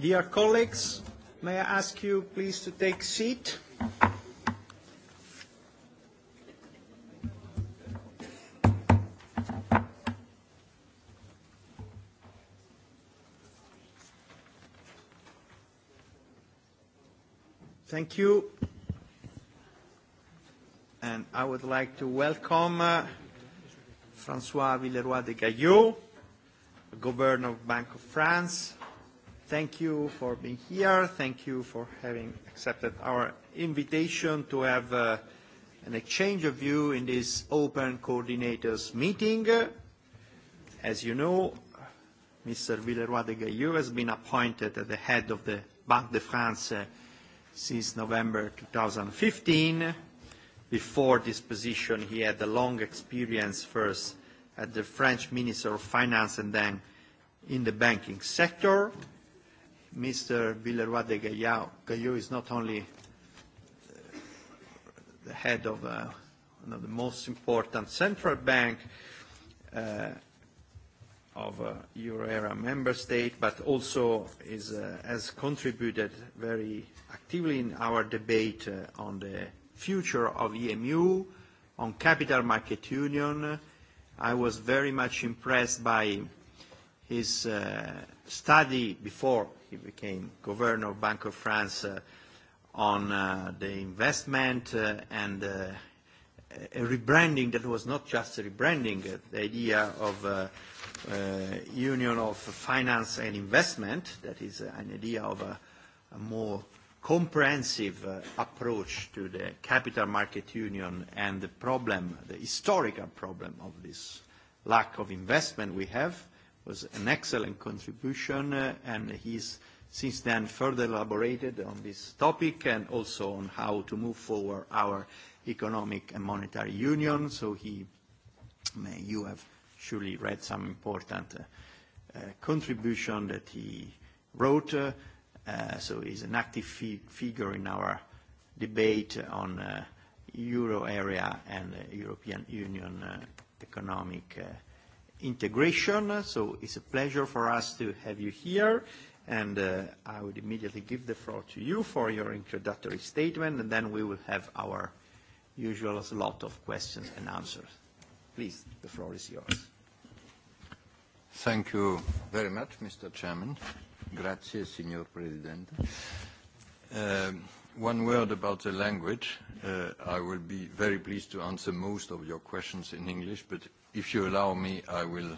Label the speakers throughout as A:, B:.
A: Dear colleagues, may I ask you please to take seat? Thank you. And I would like to welcome uh, François Villeroy de Gaillot, Governor of Bank of France, Thank you for being here. Thank you for having accepted our invitation to have uh, an exchange of view in this open coordinators meeting. As you know, Mr. Villeroy de Gailleux has been appointed at the head of the Banque de France uh, since November 2015. Before this position, he had a long experience first at the French Minister of Finance and then in the banking sector. Uh, Mr. Villeroy de Gaillard. Gaillard is not only uh, the head of uh, one of the most important central bank uh, of uh, euro area member state, but also is, uh, has contributed very actively in our debate uh, on the future of EMU, on capital market union. I was very much impressed by his uh, study before he became governor of Bank of France uh, on uh, the investment uh, and uh, a rebranding that was not just a rebranding, uh, the idea of uh, uh, union of finance and investment, that is uh, an idea of a, a more comprehensive uh, approach to the capital market union and the problem, the historical problem of this lack of investment we have. Uh, was an excellent contribution, uh, and he's since then further elaborated on this topic and also on how to move forward our economic and monetary union. So he, may, you have surely read some important uh, uh, contribution that he wrote. Uh, uh, so he's an active fi figure in our debate on uh, euro area and uh, European Union uh, economic uh, integration. So it's a pleasure for us to have you here, and uh, I would immediately give the floor to you for your introductory statement, and then we will have our usual slot of questions and answers. Please,
B: the floor is yours. Thank you very much, Mr. Chairman. Grazie, Signor Presidente. Uh, one word about the language. Uh, I will be very pleased to answer most of your questions in English, but If you allow me, I will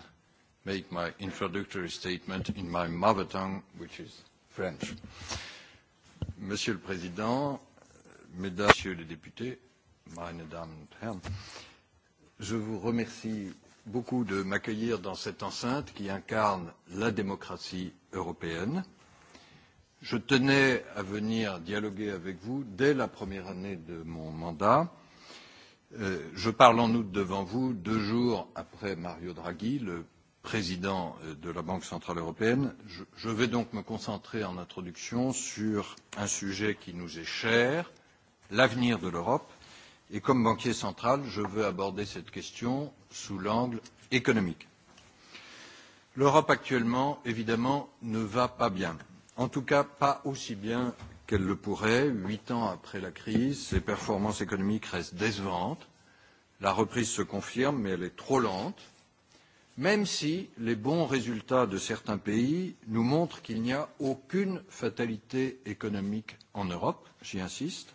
B: make my introductory statement in my mother tongue, which is French. Monsieur le Président, Mesdames, Messieurs les députés, meine Damen und Herren, je vous remercie beaucoup de m'accueillir dans cette enceinte qui incarne la démocratie européenne. Je tenais à venir dialoguer avec vous dès la première année de mon mandat Euh, je parle en août devant vous, deux jours après Mario Draghi, le président euh, de la Banque centrale européenne. Je, je vais donc me concentrer en introduction sur un sujet qui nous est cher, l'avenir de l'Europe. Et comme banquier central, je veux aborder cette question sous l'angle économique. L'Europe actuellement, évidemment, ne va pas bien. En tout cas, pas aussi bien qu'elle le pourrait. Huit ans après la crise, ses performances économiques restent décevantes. La reprise se confirme, mais elle est trop lente, même si les bons résultats de certains pays nous montrent qu'il n'y a aucune fatalité économique en Europe, j'y insiste.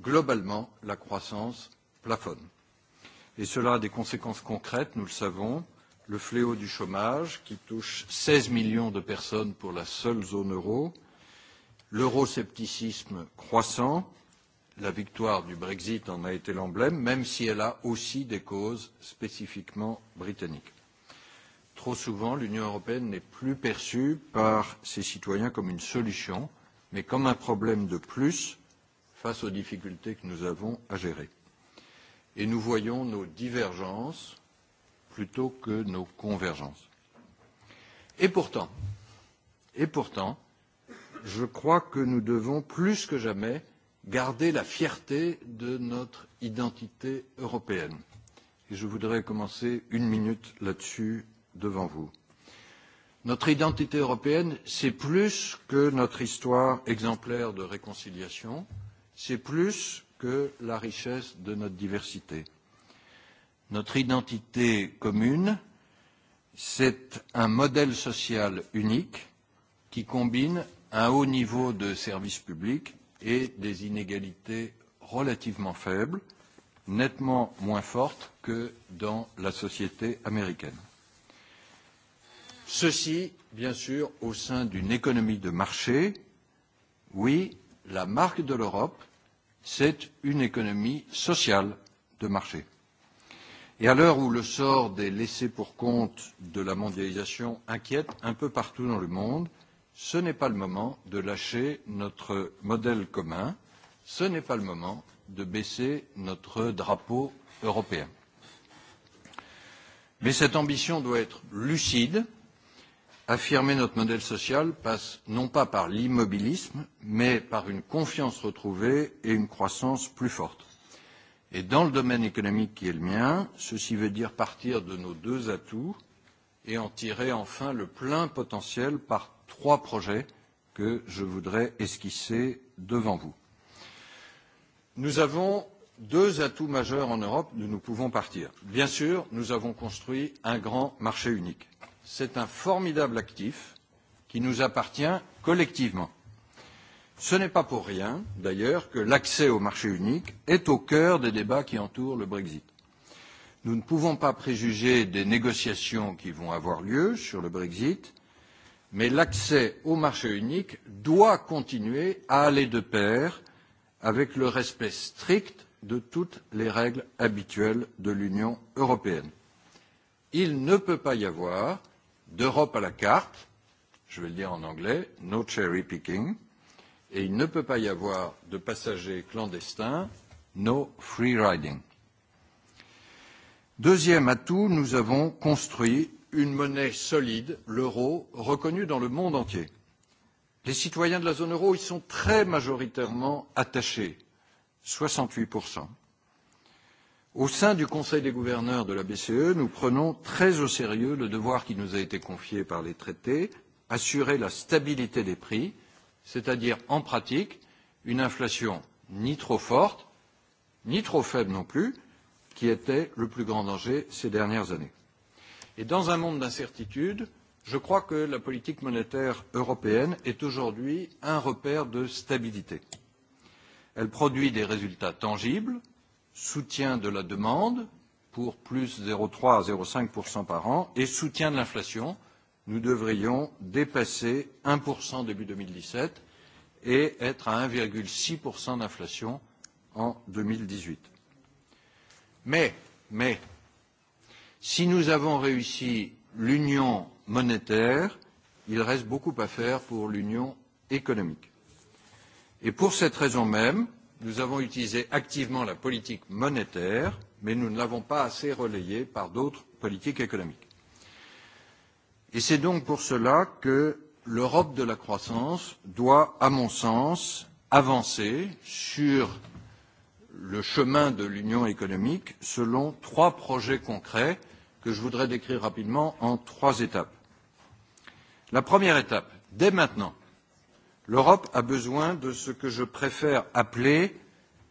B: Globalement, la croissance plafonne. Et cela a des conséquences concrètes, nous le savons. Le fléau du chômage, qui touche 16 millions de personnes pour la seule zone euro, euh, l'euroscepticisme croissant, la victoire du Brexit en a été l'emblème, même si elle a aussi des causes spécifiquement britanniques. Trop souvent, l'Union européenne n'est plus perçue par ses citoyens comme une solution, mais comme un problème de plus face aux difficultés que nous avons à gérer. Et nous voyons nos divergences plutôt que nos convergences. Et pourtant, et pourtant, je crois que nous devons plus que jamais garder la fierté de notre identité européenne. Et je voudrais commencer une minute là-dessus devant vous. Notre identité européenne, c'est plus que notre histoire exemplaire de réconciliation, c'est plus que la richesse de notre diversité. Notre identité commune, c'est un modèle social unique qui combine un haut niveau de services publics et des inégalités relativement faibles, nettement moins fortes que dans la société américaine. Ceci, bien sûr, au sein d'une économie de marché. Oui, la marque de l'Europe, c'est une économie sociale de marché. Et à l'heure où le sort des laissés pour compte de la mondialisation inquiète un peu partout dans le monde, ce n'est pas le moment de lâcher notre modèle commun, ce n'est pas le moment de baisser notre drapeau européen. Mais cette ambition doit être lucide. Affirmer notre modèle social passe non pas par l'immobilisme, mais par une confiance retrouvée et une croissance plus forte. Et dans le domaine économique qui est le mien, ceci veut dire partir de nos deux atouts et en tirer enfin le plein potentiel par trois projets que je voudrais esquisser devant vous. Nous avons deux atouts majeurs en Europe dont nous pouvons partir. Bien sûr, nous avons construit un grand marché unique. C'est un formidable actif qui nous appartient collectivement. Ce n'est pas pour rien, d'ailleurs, que l'accès au marché unique est au cœur des débats qui entourent le Brexit. Nous ne pouvons pas préjuger des négociations qui vont avoir lieu sur le Brexit, mais l'accès au marché unique doit continuer à aller de pair avec le respect strict de toutes les règles habituelles de l'Union européenne. Il ne peut pas y avoir d'Europe à la carte, je vais le dire en anglais, no cherry picking, et il ne peut pas y avoir de passagers clandestins, no free riding. Deuxième atout, nous avons construit une monnaie solide, l'euro, reconnue dans le monde entier. Les citoyens de la zone euro y sont très majoritairement attachés, 68%. Au sein du Conseil des gouverneurs de la BCE, nous prenons très au sérieux le devoir qui nous a été confié par les traités, assurer la stabilité des prix, c'est-à-dire en pratique une inflation ni trop forte, ni trop faible non plus, qui était le plus grand danger ces dernières années. Et dans un monde d'incertitude, je crois que la politique monétaire européenne est aujourd'hui un repère de stabilité. Elle produit des résultats tangibles, soutien de la demande pour plus 0,3 à 0,5% par an et soutien de l'inflation. Nous devrions dépasser 1% début 2017 et être à 1,6% d'inflation en 2018. Mais, mais, Si nous avons réussi l'union monétaire, il reste beaucoup à faire pour l'union économique. Et pour cette raison même, nous avons utilisé activement la politique monétaire, mais nous ne l'avons pas assez relayée par d'autres politiques économiques. Et c'est donc pour cela que l'Europe de la croissance doit, à mon sens, avancer sur le chemin de l'union économique selon trois projets concrets que je voudrais décrire rapidement en trois étapes. La première étape, dès maintenant, l'Europe a besoin de ce que je préfère appeler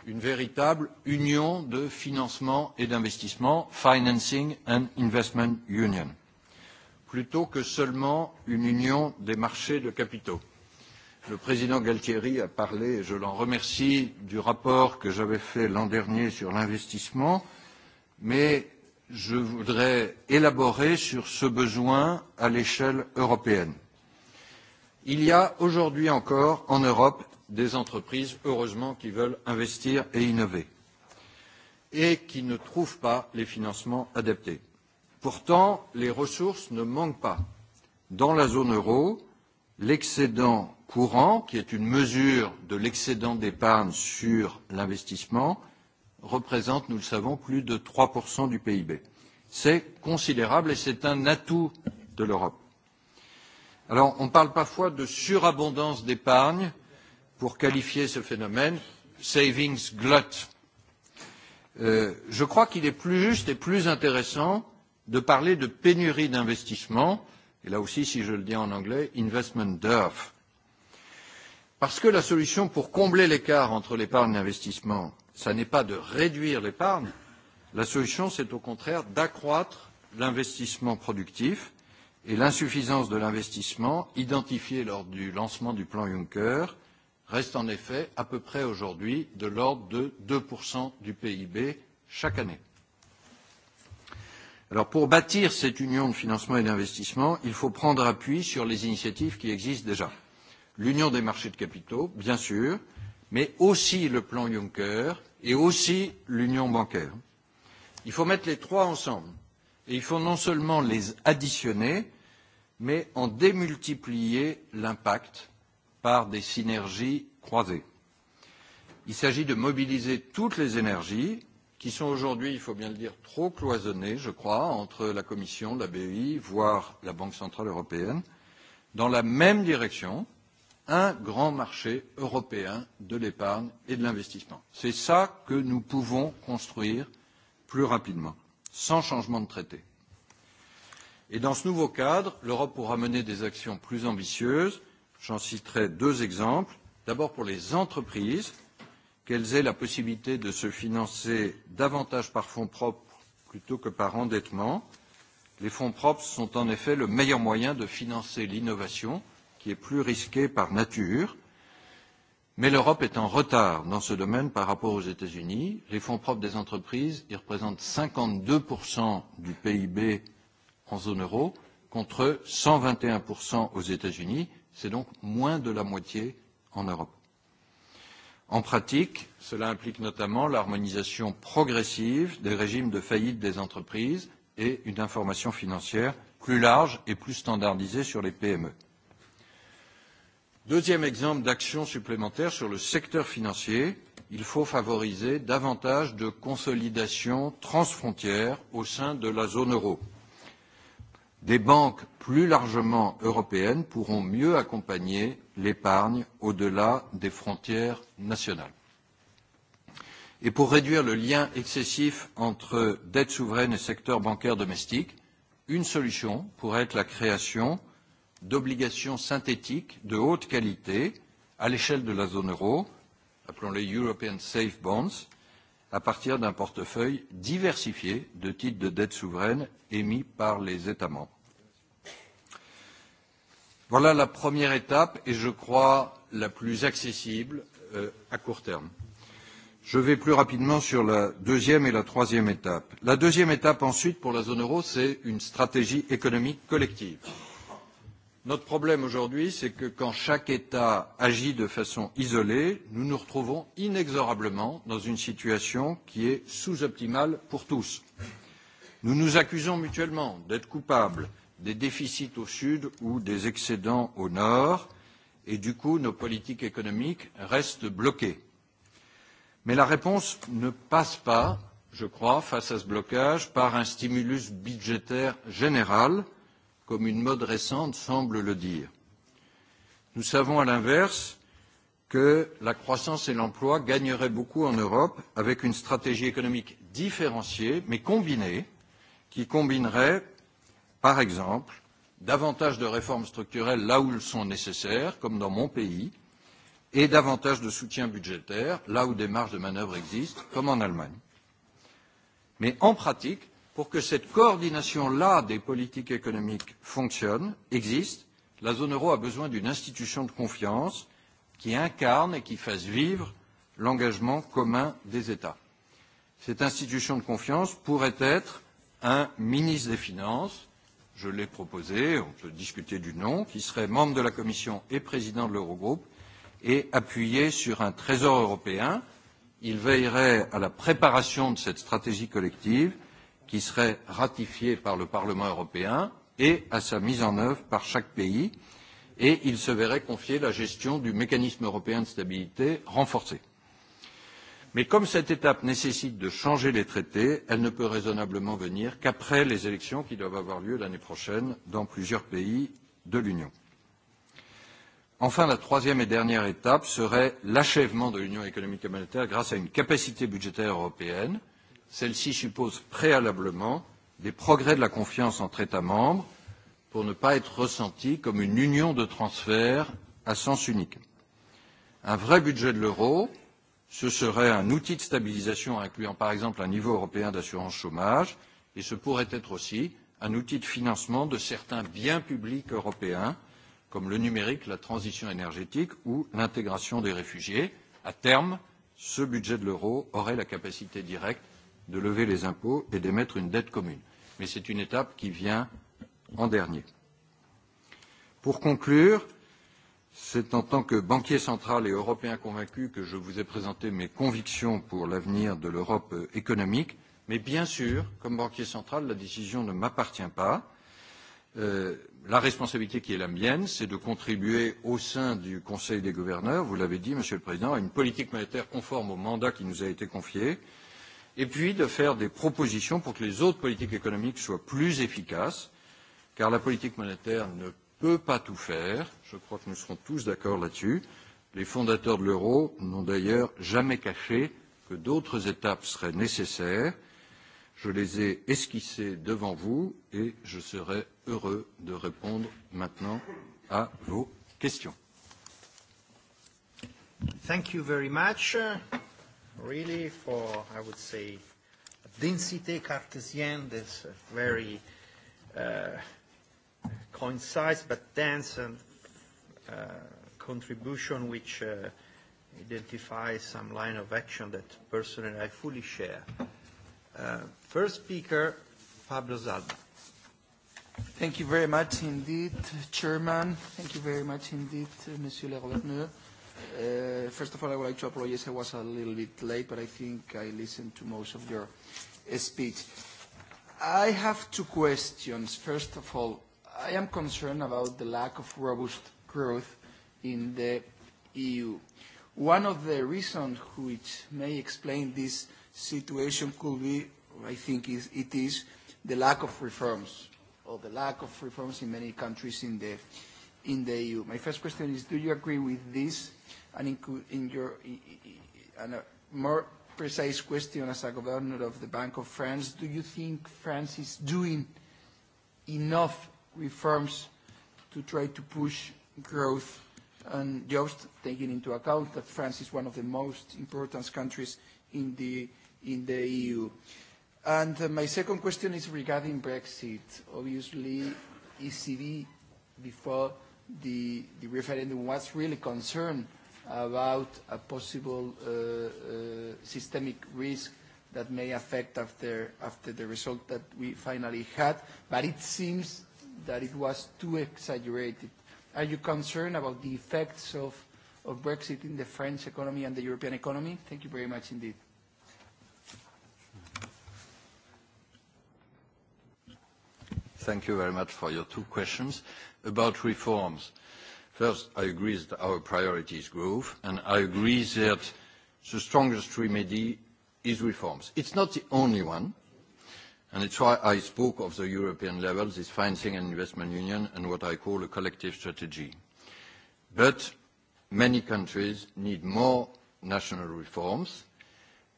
B: une véritable union de financement et d'investissement, Financing and Investment Union, plutôt que seulement une union des marchés de capitaux. Le président Galtieri a parlé, et je l'en remercie, du rapport que j'avais fait l'an dernier sur l'investissement, mais je voudrais élaborer sur ce besoin à l'échelle européenne. Il y a aujourd'hui encore en Europe des entreprises, heureusement, qui veulent investir et innover et qui ne trouvent pas les financements adaptés. Pourtant, les ressources ne manquent pas. Dans la zone euro, l'excédent courant, qui est une mesure de l'excédent d'épargne sur l'investissement, représente, nous le savons, plus de 3% du PIB. C'est considérable et c'est un atout de l'Europe. Alors, on parle parfois de surabondance d'épargne pour qualifier ce phénomène, savings glut. Euh, je crois qu'il est plus juste et plus intéressant de parler de pénurie d'investissement, et là aussi, si je le dis en anglais, investment dearth. Parce que la solution pour combler l'écart entre l'épargne d'investissement ce n'est pas de réduire l'épargne, la solution c'est au contraire d'accroître l'investissement productif et l'insuffisance de l'investissement identifiée lors du lancement du plan Juncker reste en effet à peu près aujourd'hui de l'ordre de 2% du PIB chaque année. Alors pour bâtir cette union de financement et d'investissement, il faut prendre appui sur les initiatives qui existent déjà. L'union des marchés de capitaux, bien sûr, mais aussi le plan Juncker et aussi l'union bancaire. Il faut mettre les trois ensemble et il faut non seulement les additionner, mais en démultiplier l'impact par des synergies croisées. Il s'agit de mobiliser toutes les énergies qui sont aujourd'hui, il faut bien le dire, trop cloisonnées, je crois, entre la Commission, la BEI, voire la Banque centrale européenne, dans la même direction, un grand marché européen de l'épargne et de l'investissement. C'est ça que nous pouvons construire plus rapidement, sans changement de traité. Et dans ce nouveau cadre, l'Europe pourra mener des actions plus ambitieuses. J'en citerai deux exemples. D'abord pour les entreprises, qu'elles aient la possibilité de se financer davantage par fonds propres plutôt que par endettement. Les fonds propres sont en effet le meilleur moyen de financer l'innovation, euh, qui est plus risqué par nature. Mais l'Europe est en retard dans ce domaine par rapport aux États-Unis. Les fonds propres des entreprises, ils représentent 52% du PIB en zone euro contre 121% aux États-Unis. C'est donc moins de la moitié en Europe. En pratique, cela implique notamment l'harmonisation progressive des régimes de faillite des entreprises et une information financière plus large et plus standardisée sur les PME. Deuxième exemple d'action supplémentaire sur le secteur financier, il faut favoriser davantage de consolidation transfrontière au sein de la zone euro. Des banques plus largement européennes pourront mieux accompagner l'épargne au-delà des frontières nationales. Et pour réduire le lien excessif entre dette souveraine et secteur bancaire domestique, une solution pourrait être la création d'obligations synthétiques de haute qualité à l'échelle de la zone euro, appelons-les European Safe Bonds, à partir d'un portefeuille diversifié de titres de dette souveraine émis par les États membres. Voilà la première étape et je crois la plus accessible euh, à court terme. Je vais plus rapidement sur la deuxième et la troisième étape. La deuxième étape ensuite pour la zone euro, c'est une stratégie économique collective. Euh, Notre problème aujourd'hui, c'est que quand chaque État agit de façon isolée, nous nous retrouvons inexorablement dans une situation qui est sous-optimale pour tous. Nous nous accusons mutuellement d'être coupables des déficits au sud ou des excédents au nord, et du coup, nos politiques économiques restent bloquées. Mais la réponse ne passe pas, je crois, face à ce blocage, par un stimulus budgétaire général. Euh, comme une mode récente semble le dire. Nous savons à l'inverse que la croissance et l'emploi gagneraient beaucoup en Europe avec une stratégie économique différenciée mais combinée qui combinerait, par exemple, davantage de réformes structurelles là où elles sont nécessaires, comme dans mon pays, et davantage de soutien budgétaire là où des marges de manœuvre existent, comme en Allemagne. Mais en pratique, pour que cette coordination-là des politiques économiques fonctionne, existe, la zone euro a besoin d'une institution de confiance qui incarne et qui fasse vivre l'engagement commun des États. Cette institution de confiance pourrait être un ministre des Finances, je l'ai proposé, on peut discuter du nom, qui serait membre de la Commission et président de l'Eurogroupe et appuyé sur un trésor européen. Il veillerait à la préparation de cette stratégie collective qui serait ratifiée par le Parlement européen et à sa mise en œuvre par chaque pays, et il se verrait confier la gestion du mécanisme européen de stabilité renforcé. Mais comme cette étape nécessite de changer les traités, elle ne peut raisonnablement venir qu'après les élections qui doivent avoir lieu l'année prochaine dans plusieurs pays de l'Union. Enfin, la troisième et dernière étape serait l'achèvement de l'Union économique et monétaire grâce à une capacité budgétaire européenne Celle-ci suppose préalablement des progrès de la confiance entre États membres pour ne pas être ressentie comme une union de transferts à sens unique. Un vrai budget de l'euro, ce serait un outil de stabilisation incluant par exemple un niveau européen d'assurance chômage et ce pourrait être aussi un outil de financement de certains biens publics européens comme le numérique, la transition énergétique ou l'intégration des réfugiés. À terme, ce budget de l'euro aurait la capacité directe de lever les impôts et d'émettre une dette commune. Mais c'est une étape qui vient en dernier. Pour conclure, c'est en tant que banquier central et européen convaincu que je vous ai présenté mes convictions pour l'avenir de l'Europe économique. Mais bien sûr, comme banquier central, la décision ne m'appartient pas. Euh, la responsabilité qui est la mienne, c'est de contribuer au sein du Conseil des gouverneurs, vous l'avez dit, Monsieur le Président, à une politique monétaire conforme au mandat qui nous a été confié, euh, et puis de faire des propositions pour que les autres politiques économiques soient plus efficaces, car la politique monétaire ne peut pas tout faire. Je crois que nous serons tous d'accord là-dessus. Les fondateurs de l'euro n'ont d'ailleurs jamais caché que d'autres étapes seraient nécessaires. Je les ai esquissées devant vous et je serai heureux de répondre maintenant à vos questions.
A: Thank you very much really for, I would say, densité cartesian, this very uh, concise but dense and, uh, contribution which uh, identifies some line of action that personally I fully share. Uh, first speaker, Pablo Zalba.
C: Thank you very much indeed, Chairman. Thank you very much indeed, uh, Monsieur le Gouverneur. Uh, first of all, I would like to apologize. I was a little bit late, but I think I listened to most of your uh, speech. I have two questions. First of all, I am concerned about the lack of robust growth in the EU. One of the reasons which may explain this situation could be, I think is, it is, the lack of reforms, or the lack of reforms in many countries in the, in the EU. My first question is, do you agree with this and, in your, and a more precise question as a governor of the Bank of France, do you think France is doing enough reforms to try to push growth and jobs, taking into account that France is one of the most important countries in the, in the EU? And uh, my second question is regarding Brexit. Obviously, ECB, before the, the referendum, was really concerned about a possible uh, uh, systemic risk that may affect after, after the result that we finally had. But it seems that it was too exaggerated. Are you concerned about the effects of, of Brexit in the French economy and the European economy? Thank you very much indeed.
B: Thank you very much for your two questions. About reforms, First, I agree that our priority is growth, and I agree that the strongest remedy is reforms. It's not the only one, and it's why I spoke of the European level, this financing and investment union, and what I call a collective strategy. But many countries need more national reforms,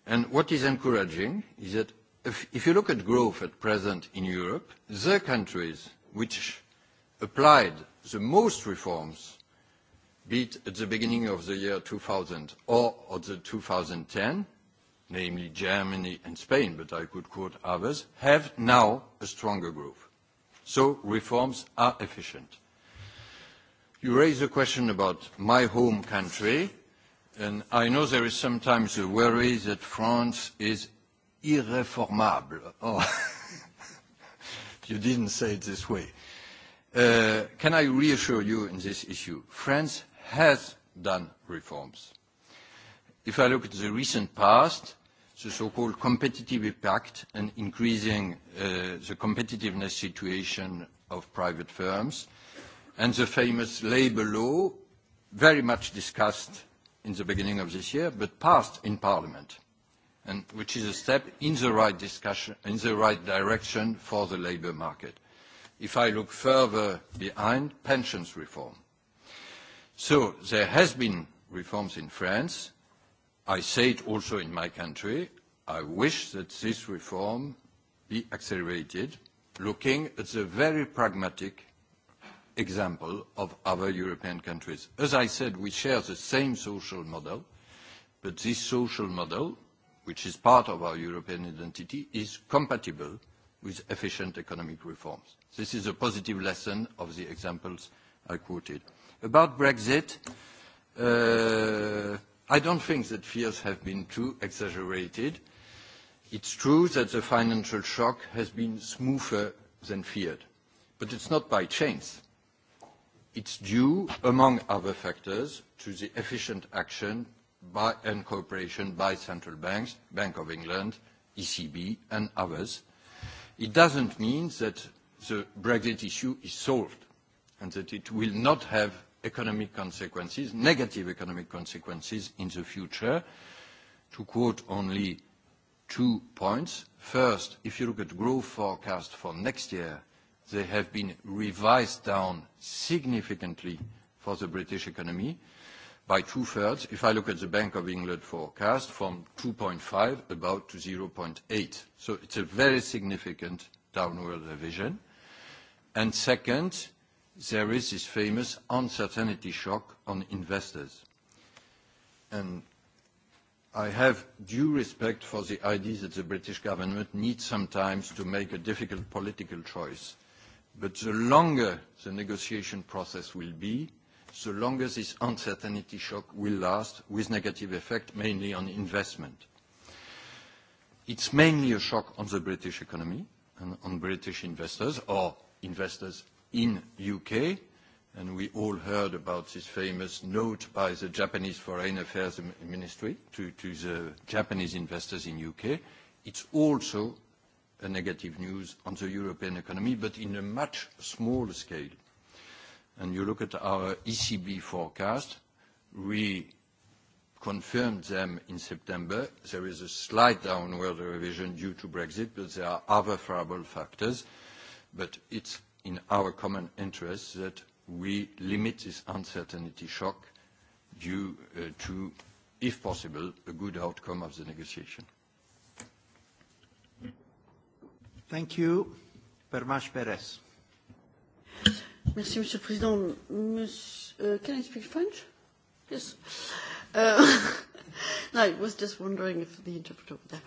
B: and what is encouraging is that if, if you look at growth at present in Europe, the countries which applied the most reforms, be it at the beginning of the year 2000 or at the 2010, namely Germany and Spain, but I could quote others, have now a stronger growth. So reforms are efficient. You raise a question about my home country, and I know there is sometimes a worry that France is irreformable. Oh, you didn't say it this way. Uh, can I reassure you in this issue? France has done reforms. If I look at the recent past, the so-called competitive impact and increasing uh, the competitiveness situation of private firms, and the famous labor law, very much discussed in the beginning of this year, but passed in parliament, and which is a step in the right discussion, in the right direction for the labor market. If I look further behind, pensions reform. So there has been reforms in France. I say it also in my country. I wish that this reform be accelerated, looking at the very pragmatic example of other European countries. As I said, we share the same social model, but this social model, which is part of our European identity, is compatible with efficient economic reforms. This is a positive lesson of the examples I quoted. About Brexit, uh, I don't think that fears have been too exaggerated. It's true that the financial shock has been smoother than feared, but it's not by chance. It's due, among other factors, to the efficient action by, and cooperation by central banks, Bank of England, ECB, and others. It doesn't mean that the Brexit issue is solved and that it will not have economic consequences, negative economic consequences in the future. To quote only two points. First, if you look at growth forecast for next year, they have been revised down significantly for the British economy by two-thirds. If I look at the Bank of England forecast, from 2.5 about to 0.8. So it's a very significant downward revision. And second, there is this famous uncertainty shock on investors. And I have due respect for the idea that the British government needs sometimes to make a difficult political choice. But the longer the negotiation process will be, the longer this uncertainty shock will last, with negative effect mainly on investment. It's mainly a shock on the British economy and on British investors, or investors in U.K., and we all heard about this famous note by the Japanese Foreign Affairs Ministry to, to the Japanese investors in U.K. It's also a negative news on the European economy, but in a much smaller scale. And you look at our ECB forecast, we confirmed them in September. There is a slight downward revision due to Brexit, but there are other favorable factors. Uh, but it's in our common interest that we limit this uncertainty shock due uh, to, if possible, a good outcome of the negotiation.
A: Thank you. Permash Perez.
D: Merci, Monsieur le Président. Monsieur, uh, can I speak French? Yes. Uh, no, I was just wondering if the interpreter were there.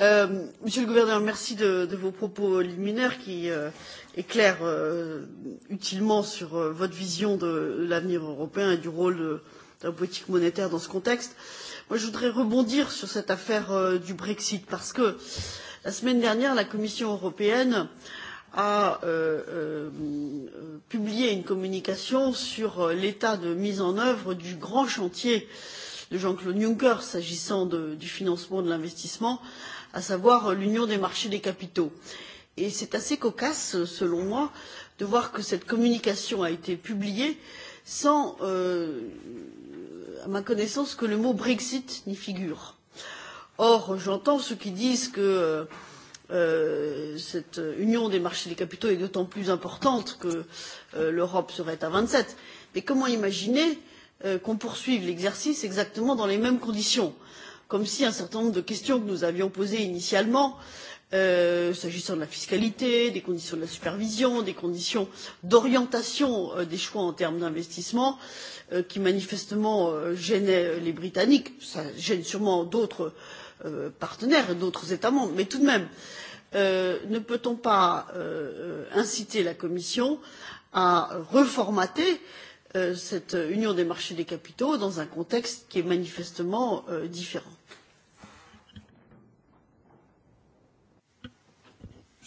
D: Euh, monsieur le gouverneur merci de, de vos propos liminaires qui euh, éclairent euh, utilement sur euh, votre vision de l'avenir européen et du rôle de la politique monétaire dans ce contexte. Moi, je voudrais rebondir sur cette affaire euh, du brexit parce que la semaine dernière la commission européenne a euh, publié une communication sur l'état de mise en œuvre du grand chantier de jean claude juncker s'agissant du financement de l'investissement avec à savoir euh, l'union des marchés des capitaux. Et c'est assez cocasse, euh, selon moi, de voir que cette communication a été publiée sans, euh, à ma connaissance, que le mot Brexit n'y figure. Or, j'entends ceux qui disent que euh, euh cette union des marchés des capitaux est d'autant plus importante que euh, l'Europe serait à 27. Mais comment imaginer euh, qu'on poursuive l'exercice exactement dans les mêmes conditions comme si un certain nombre de questions que nous avions posées initialement euh, s'agissant de la fiscalité des conditions de la supervision des conditions d'orientation euh, des choix en termes d'investissement euh, qui manifestement euh, gênaient euh, les britanniques cela gêne sûrement d'autres euh, partenaires et d'autres états membres mais tout de même ne peut on pas inciter la commission à reformater et Euh, cette union des marchés des capitaux dans un contexte qui est manifestement euh, différent.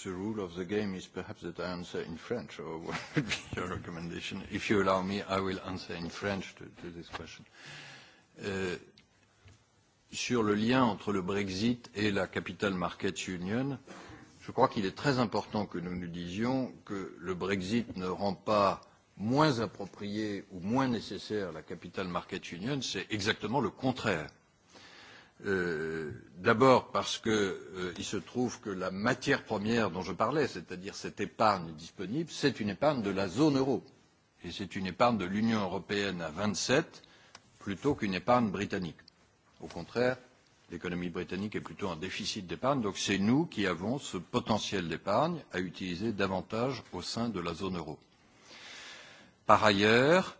B: The rule of the game is perhaps that I answer in French, or what would be your recommendation? If you allow me, I will answer in French to, to this question. Euh, sur le lien entre le Brexit et la Capital Markets Union, je crois qu'il est très important que nous nous disions que le Brexit ne rend pas euh, moins appropriée ou moins nécessaire la Capital Market Union, c'est exactement le contraire. Euh, D'abord parce qu'il euh, se trouve que la matière première dont je parlais, c'est-à-dire cette épargne disponible, c'est une épargne de la zone euro. Et c'est une épargne de l'Union européenne à 27 plutôt qu'une épargne britannique. Au contraire, l'économie britannique est plutôt en déficit d'épargne, donc c'est nous qui avons ce potentiel d'épargne à utiliser davantage au sein de la zone euro. Par ailleurs,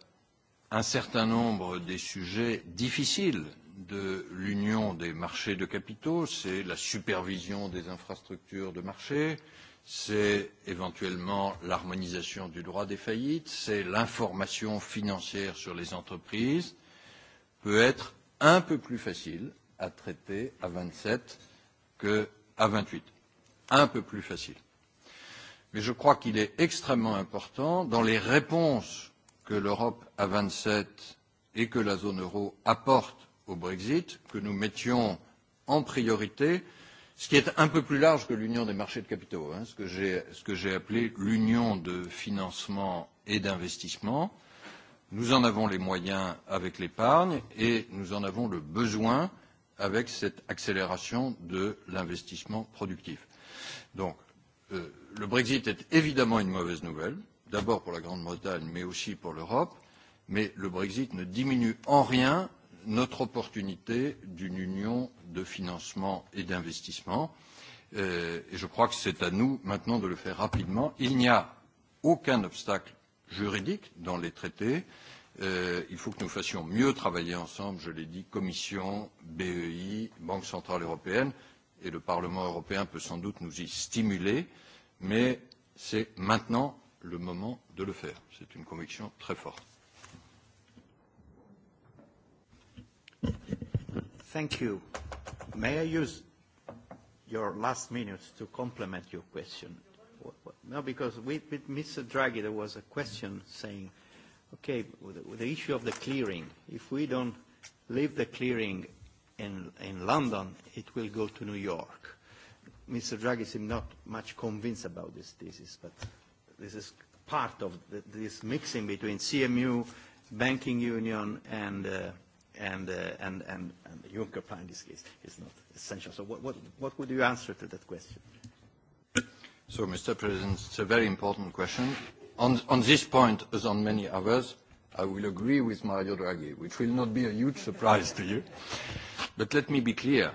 B: un certain nombre des sujets difficiles de l'union des marchés de capitaux, c'est la supervision des infrastructures de marché, c'est éventuellement l'harmonisation du droit des faillites, c'est l'information financière sur les entreprises, peut être un peu plus facile à traiter à 27 qu'à 28. Un peu plus facile. Mais je crois qu'il est extrêmement important, dans les réponses que l'Europe à 27 et que la zone euro apporte au Brexit, que nous mettions en priorité ce qui est un peu plus large que l'union des marchés de capitaux, hein, ce que j'ai appelé l'union de financement et d'investissement. Nous en avons les moyens avec l'épargne et nous en avons le besoin avec cette accélération de l'investissement productif. Donc, Euh, le Brexit est évidemment une mauvaise nouvelle, d'abord pour la Grande-Bretagne, mais aussi pour l'Europe, mais le Brexit ne diminue en rien notre opportunité d'une union de financement et d'investissement. Euh, et je crois que c'est à nous maintenant de le faire rapidement. Il n'y a aucun obstacle juridique dans les traités. Euh, il faut que nous fassions mieux travailler ensemble, je l'ai dit, Commission, BEI, Banque centrale européenne. Euh, et le Parlement européen peut sans doute nous y stimuler, mais c'est maintenant le moment de le faire. C'est une conviction très forte. Thank you. May
A: I use your last minutes to complement your question? No, because with, with Mr. Draghi, there was a question saying, okay, with the, with the issue of the clearing, if we don't leave the clearing in, in London, it will go to New York. Mr. Draghi is not much convinced about this thesis, but this is part of the, this mixing between CMU, banking union, and, uh, and, uh, and, and, and the Juncker plan is, is, is not essential. So what, what, what would you answer to that question?
B: So, Mr. President, it's a very important question. On, on this point, as on many others, I will agree with Mario Draghi, which will not be a huge surprise to you. But let me be clear.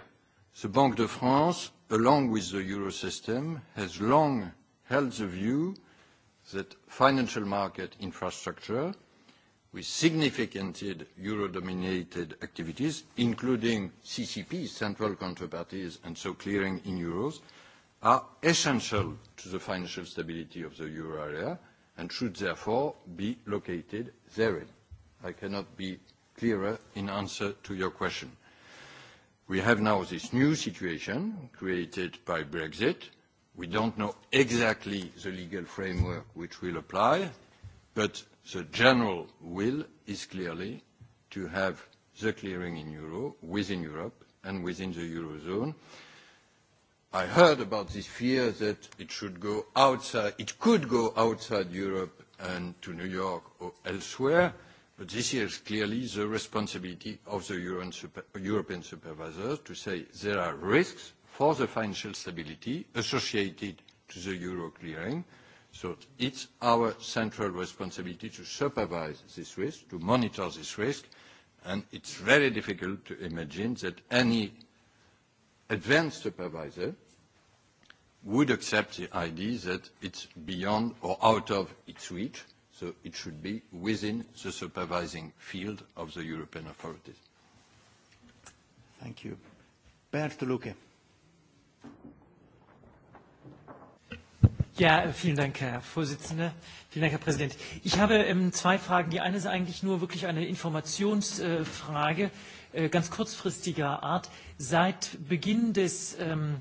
B: The Banque de France, along with the Eurosystem, has long held the view that financial market infrastructure with significant euro-dominated activities, including CCP, central counterparties, and so clearing in euros, are essential to the financial stability of the euro area and should therefore be located therein. I cannot be clearer in answer to your question. We have now this new situation created by Brexit. We don't know exactly the legal framework which will apply, but the general will is clearly to have the clearing in euro within Europe and within the Eurozone. I heard about this fear that it should go outside, it could go outside Europe and to New York or elsewhere. But this is clearly the responsibility of the Euro super, European supervisors to say there are risks for the financial stability associated to the euro clearing. So it's our central responsibility to supervise this risk, to monitor this risk, and it's very difficult to imagine that any advanced supervisor would accept the idea that it's beyond or out of its reach, so it should be within the supervising field of the European authorities. Thank you. Bert Lucke.
E: Ja, vielen Dank, Herr Vorsitzender. Vielen Dank, Herr Präsident. Ich habe ähm, zwei Fragen. Die eine ist eigentlich nur wirklich eine Informationsfrage äh, äh, ganz kurzfristiger Art. Seit Beginn des ähm,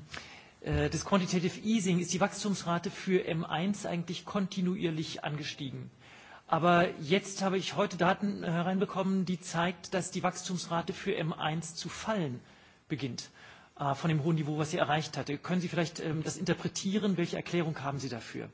E: äh, des Quantitative Easing ist die Wachstumsrate für M1 eigentlich kontinuierlich angestiegen. Aber jetzt habe ich heute Daten äh, hereinbekommen, die zeigt, dass die Wachstumsrate für M1 zu fallen beginnt äh, von dem hohen Niveau, was sie erreicht hatte. Können Sie vielleicht ähm, das interpretieren? Welche Erklärung haben Sie dafür?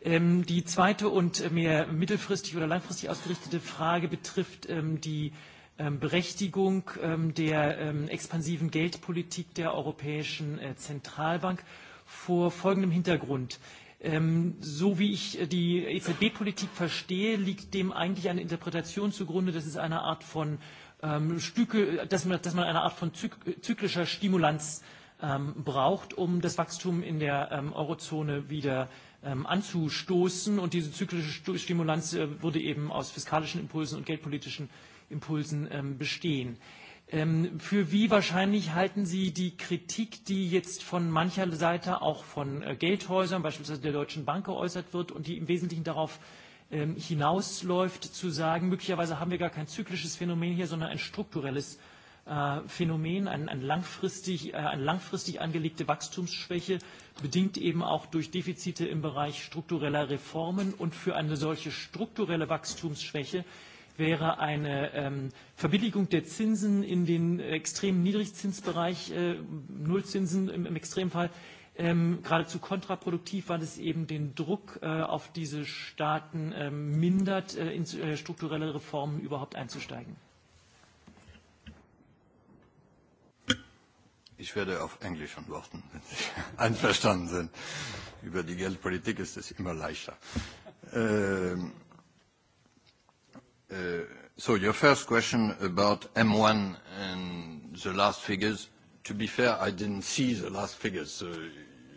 E: Ähm, die zweite und äh, mehr mittelfristig oder langfristig ausgerichtete Frage betrifft ähm, die ähm, Berechtigung ähm, der ähm, expansiven Geldpolitik der Europäischen äh, Zentralbank vor folgendem Hintergrund. Äh, Ähm, so wie ich äh, die EZB-Politik verstehe, liegt dem eigentlich eine Interpretation zugrunde, dass es eine Art von ähm, Stücke, dass man, dass man eine Art von zyk zyklischer Stimulanz ähm, braucht, um das Wachstum in der ähm, Eurozone wieder ähm, anzustoßen. Und diese zyklische Stu Stimulanz äh, würde eben aus fiskalischen Impulsen und geldpolitischen Impulsen ähm, bestehen. Äh, Ähm, für wie wahrscheinlich halten Sie die Kritik, die jetzt von mancher Seite auch von äh, Geldhäusern, beispielsweise der Deutschen Bank geäußert wird und die im Wesentlichen darauf ähm, hinausläuft, zu sagen, möglicherweise haben wir gar kein zyklisches Phänomen hier, sondern ein strukturelles äh, Phänomen, ein, ein langfristig, äh, eine langfristig angelegte Wachstumsschwäche, bedingt eben auch durch Defizite im Bereich struktureller Reformen und für eine solche strukturelle Wachstumsschwäche äh, wäre eine ähm, Verbilligung der Zinsen in den äh, extremen Niedrigzinsbereich, äh, Nullzinsen im, im Extremfall, ähm, geradezu kontraproduktiv, weil es eben den Druck äh, auf diese Staaten äh, mindert, äh, in äh, strukturelle Reformen überhaupt einzusteigen.
B: Ich werde auf Englisch antworten, wenn Sie einverstanden sind. Über die Geldpolitik ist es immer leichter. Ähm, Uh, so your first question about M1 and the last figures, to be fair, I didn't see the last figures, so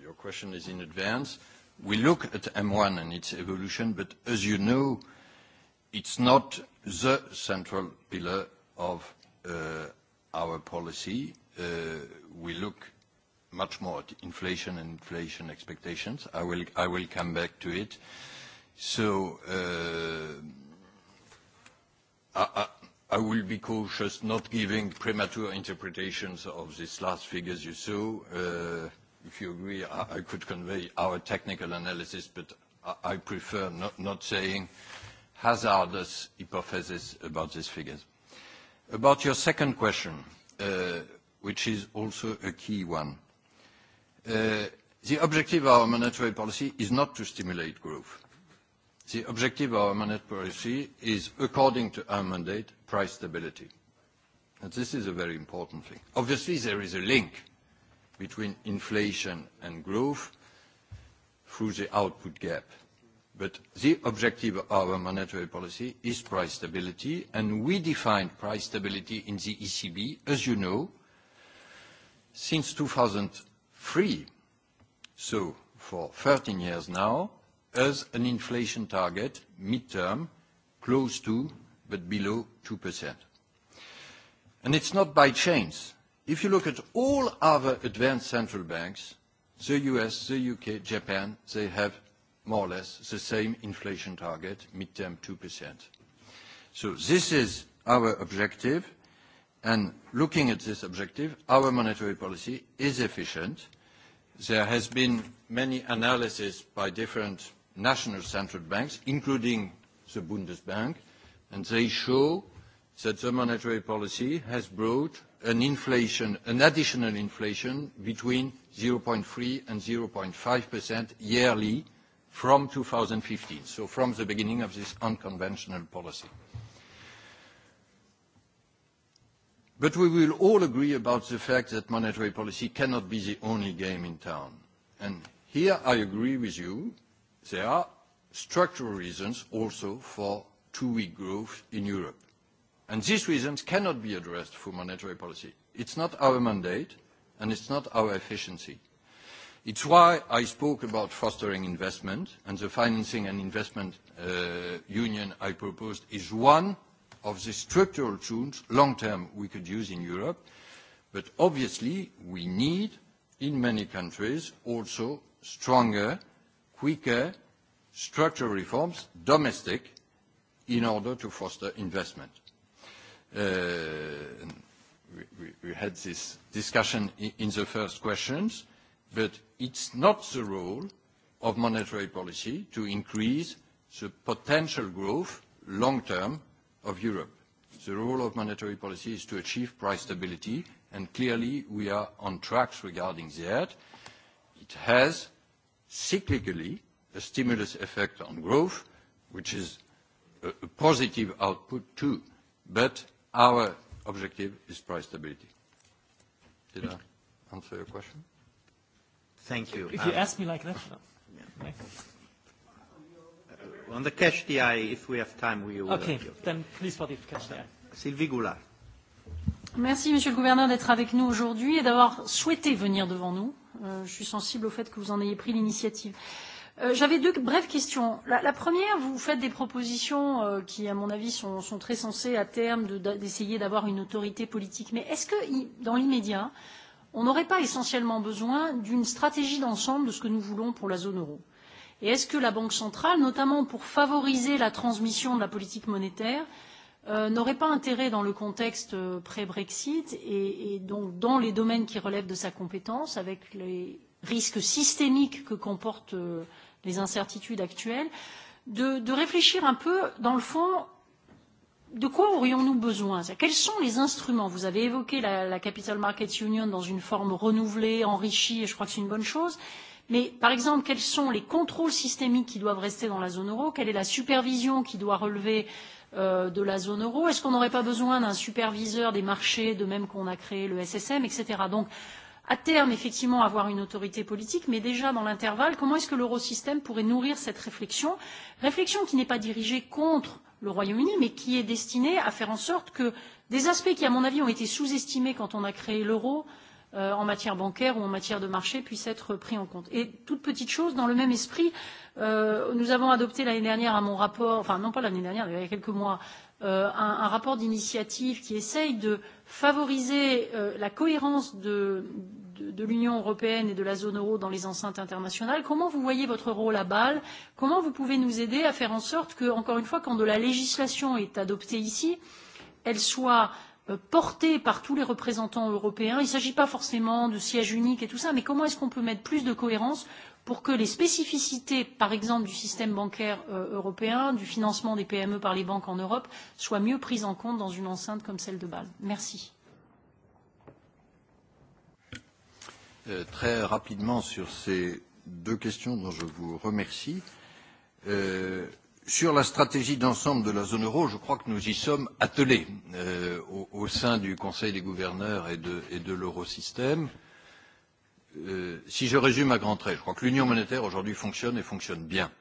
B: your question is in advance. We look at M1 and its evolution, but as you know, it's not the central pillar of uh, our policy. Uh, we look much more at inflation and inflation expectations. I will, I will come back to it. So, uh, I, I, I will be cautious not giving premature interpretations of these last figures you saw. Uh, if you agree, I, I could convey our technical analysis, but I, I prefer not, not saying hazardous hypothesis about these figures. About your second question, uh, which is also a key one. Uh, the objective of our monetary policy is not to stimulate growth. The objective of our mandate policy is, according to our mandate, price stability. And this is a very important thing. Obviously, there is a link between inflation and growth through the output gap. But the objective of our monetary policy is price stability, and we define price stability in the ECB, as you know, since 2003, so for 13 years now, us an inflation target midterm close to but below 2%. And it's not by chance. If you look at all other advanced central banks, the U.S., the U.K., Japan, they have more or less the same inflation target, midterm 2%. So this is our objective, and looking at this objective, our monetary policy is efficient. There has been many analysis by different national central banks, including the Bundesbank, and they show that the monetary policy has brought an inflation, an additional inflation between 0.3% and 0.5% yearly from 2015, so from the beginning of this unconventional policy. But we will all agree about the fact that monetary policy cannot be the only game in town. And here I agree with you There are structural reasons also for two-week growth in Europe. And these reasons cannot be addressed through monetary policy. It's not our mandate, and it's not our efficiency. It's why I spoke about fostering investment, and the Financing and Investment uh, Union I proposed is one of the structural tools long-term we could use in Europe. But obviously, we need, in many countries, also stronger quicker structural reforms, domestic, in order to foster investment. Uh, we, we had this discussion in the first questions, but it's not the role of monetary policy to increase the potential growth long term of Europe. The role of monetary policy is to achieve price stability, and clearly we are on track regarding that. It has cyclically a stimulus effect on growth, which is a, a positive output too. But our objective is price stability. Did I answer your question? Thank
A: you. If um, you ask
E: me like that. No. Yeah.
A: Uh, on the cash DI, if we have time, we will. Uh, okay. okay.
E: Then please for the cash DI.
A: Sylvie Goulard.
F: Merci, Monsieur le Gouverneur, d'être avec nous aujourd'hui et d'avoir souhaité venir devant nous Euh, je suis sensible au fait que vous en ayez pris l'initiative. Euh, J'avais deux brèves questions. La, la première, vous faites des propositions euh, qui, à mon avis, sont, sont très sensées à terme d'essayer de, d'avoir une autorité politique. Mais est-ce que, dans l'immédiat, on n'aurait pas essentiellement besoin d'une stratégie d'ensemble de ce que nous voulons pour la zone euro Et est-ce que la Banque centrale, notamment pour favoriser la transmission de la politique monétaire, euh, euh, n'aurait pas intérêt dans le contexte euh, pré-Brexit et, et donc dans les domaines qui relèvent de sa compétence, avec les risques systémiques que comportent euh, les incertitudes actuelles, de, de réfléchir un peu, dans le fond, de quoi aurions-nous besoin Quels sont les instruments Vous avez évoqué la, la Capital Markets Union dans une forme renouvelée, enrichie, et je crois que c'est une bonne chose. Mais par exemple, quels sont les contrôles systémiques qui doivent rester dans la zone euro Quelle est la supervision qui doit relever euh, de la zone euro Est-ce qu'on n'aurait pas besoin d'un superviseur des marchés, de même qu'on a créé le SSM, etc. Donc, à terme, effectivement, avoir une autorité politique, mais déjà dans l'intervalle, comment est-ce que l'eurosystème pourrait nourrir cette réflexion Réflexion qui n'est pas dirigée contre le Royaume-Uni, mais qui est destinée à faire en sorte que des aspects qui, à mon avis, ont été sous-estimés quand on a créé l'euro, euh, euh, en matière bancaire ou en matière de marché puissent être pris en compte. Et toute petite chose, dans le même esprit, euh, nous avons adopté l'année dernière à mon rapport, enfin non pas l'année dernière, mais il y a quelques mois, euh, un, un rapport d'initiative qui essaye de favoriser euh, la cohérence de, de, de l'Union européenne et de la zone euro dans les enceintes internationales. Comment vous voyez votre rôle à Bâle Comment vous pouvez nous aider à faire en sorte que, encore une fois, quand de la législation est adoptée ici, elle soit euh, Euh, portée par tous les représentants européens. Il ne s'agit pas forcément de siège unique et tout ça, mais comment est-ce qu'on peut mettre plus de cohérence pour que les spécificités, par exemple, du système bancaire euh, européen, du financement des PME par les banques en Europe, soient mieux prises en compte dans une enceinte comme celle de Bâle Merci.
B: Euh, très rapidement sur ces deux questions dont je vous remercie. Euh, Sur la stratégie d'ensemble de la zone euro, je crois que nous y sommes attelés euh, au, au sein du Conseil des gouverneurs et de, et de l'eurosystème. Euh, si je résume à grands traits, je crois que l'union monétaire aujourd'hui fonctionne et fonctionne bien.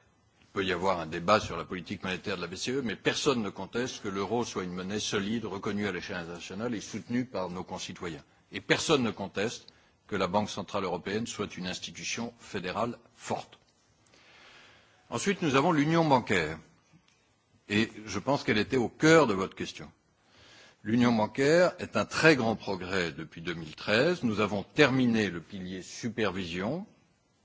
B: Il peut y avoir un débat sur la politique monétaire de la BCE, mais personne ne conteste que l'euro soit une monnaie solide, reconnue à l'échelle internationale et soutenue par nos concitoyens. Et personne ne conteste que la Banque centrale européenne soit une institution fédérale forte Ensuite, nous avons l'union bancaire. Et je pense qu'elle était au cœur de votre question. L'union bancaire est un très grand progrès depuis 2013. Nous avons terminé le pilier supervision.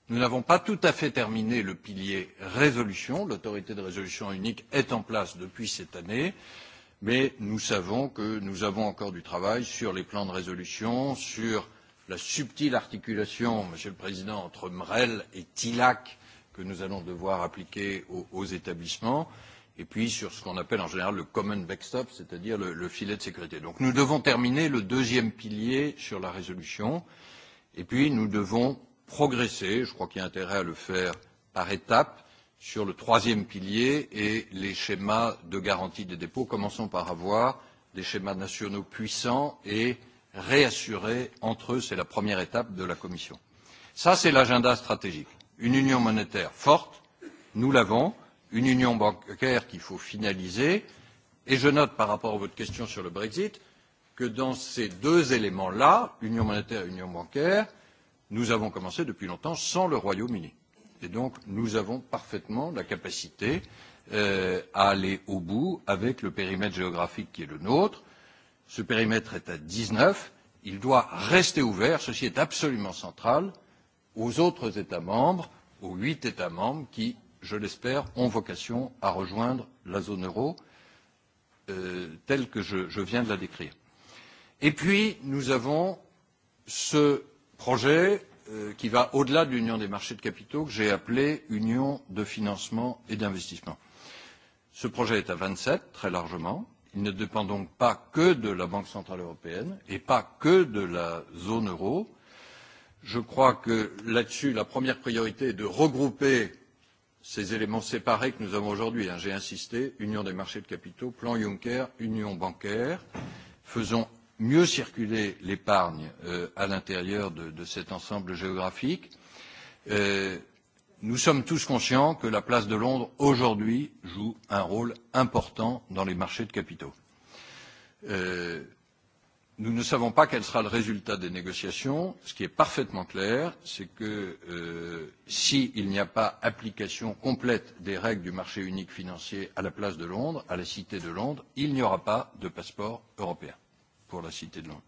B: Nous n'avons pas tout à fait terminé le pilier résolution. L'autorité de résolution unique est en place depuis cette année. Mais nous savons que nous avons encore du travail sur les plans de résolution, sur la subtile articulation, Monsieur le Président, entre MREL et TILAC, que nous allons devoir appliquer aux, aux établissements, et puis sur ce qu'on appelle en général le common backstop, c'est-à-dire le, le filet de sécurité. Donc nous devons terminer le deuxième pilier sur la résolution, et puis nous devons progresser, je crois qu'il y a intérêt à le faire par étapes, sur le troisième pilier et les schémas de garantie des dépôts. Commençons par avoir des schémas nationaux puissants et réassurés entre eux. C'est la première étape de la Commission. Ça, c'est l'agenda stratégique. Une union monétaire forte, nous l'avons, une union bancaire qu'il faut finaliser, et je note par rapport à votre question sur le Brexit que dans ces deux éléments-là, union monétaire et union bancaire, nous avons commencé depuis longtemps sans le Royaume-Uni. Et donc, nous avons parfaitement la capacité euh, à aller au bout avec le périmètre géographique qui est le nôtre. Ce périmètre est à 19. Il doit rester ouvert. Ceci est absolument central. Euh, aux autres États membres, aux huit États membres qui, je l'espère, ont vocation à rejoindre la zone euro euh, telle que je, je viens de la décrire. Et puis, nous avons ce projet euh, qui va au-delà de l'union des marchés de capitaux que j'ai appelé union de financement et d'investissement. Ce projet est à 27, très largement. Il ne dépend donc pas que de la Banque centrale européenne et pas que de la zone euro. Je crois que là-dessus, la première priorité est de regrouper ces éléments séparés que nous avons aujourd'hui. Hein, J'ai insisté, union des marchés de capitaux, plan Juncker, union bancaire. Faisons mieux circuler l'épargne euh, à l'intérieur de, de cet ensemble géographique. Euh, nous sommes tous conscients que la place de Londres aujourd'hui joue un rôle important dans les marchés de capitaux. Euh, Nous ne savons pas quel sera le résultat des négociations. Ce qui est parfaitement clair, c'est que euh, s'il si n'y a pas application complète des règles du marché unique financier à la place de Londres, à la Cité de Londres, il n'y aura pas de passeport européen pour la Cité de Londres.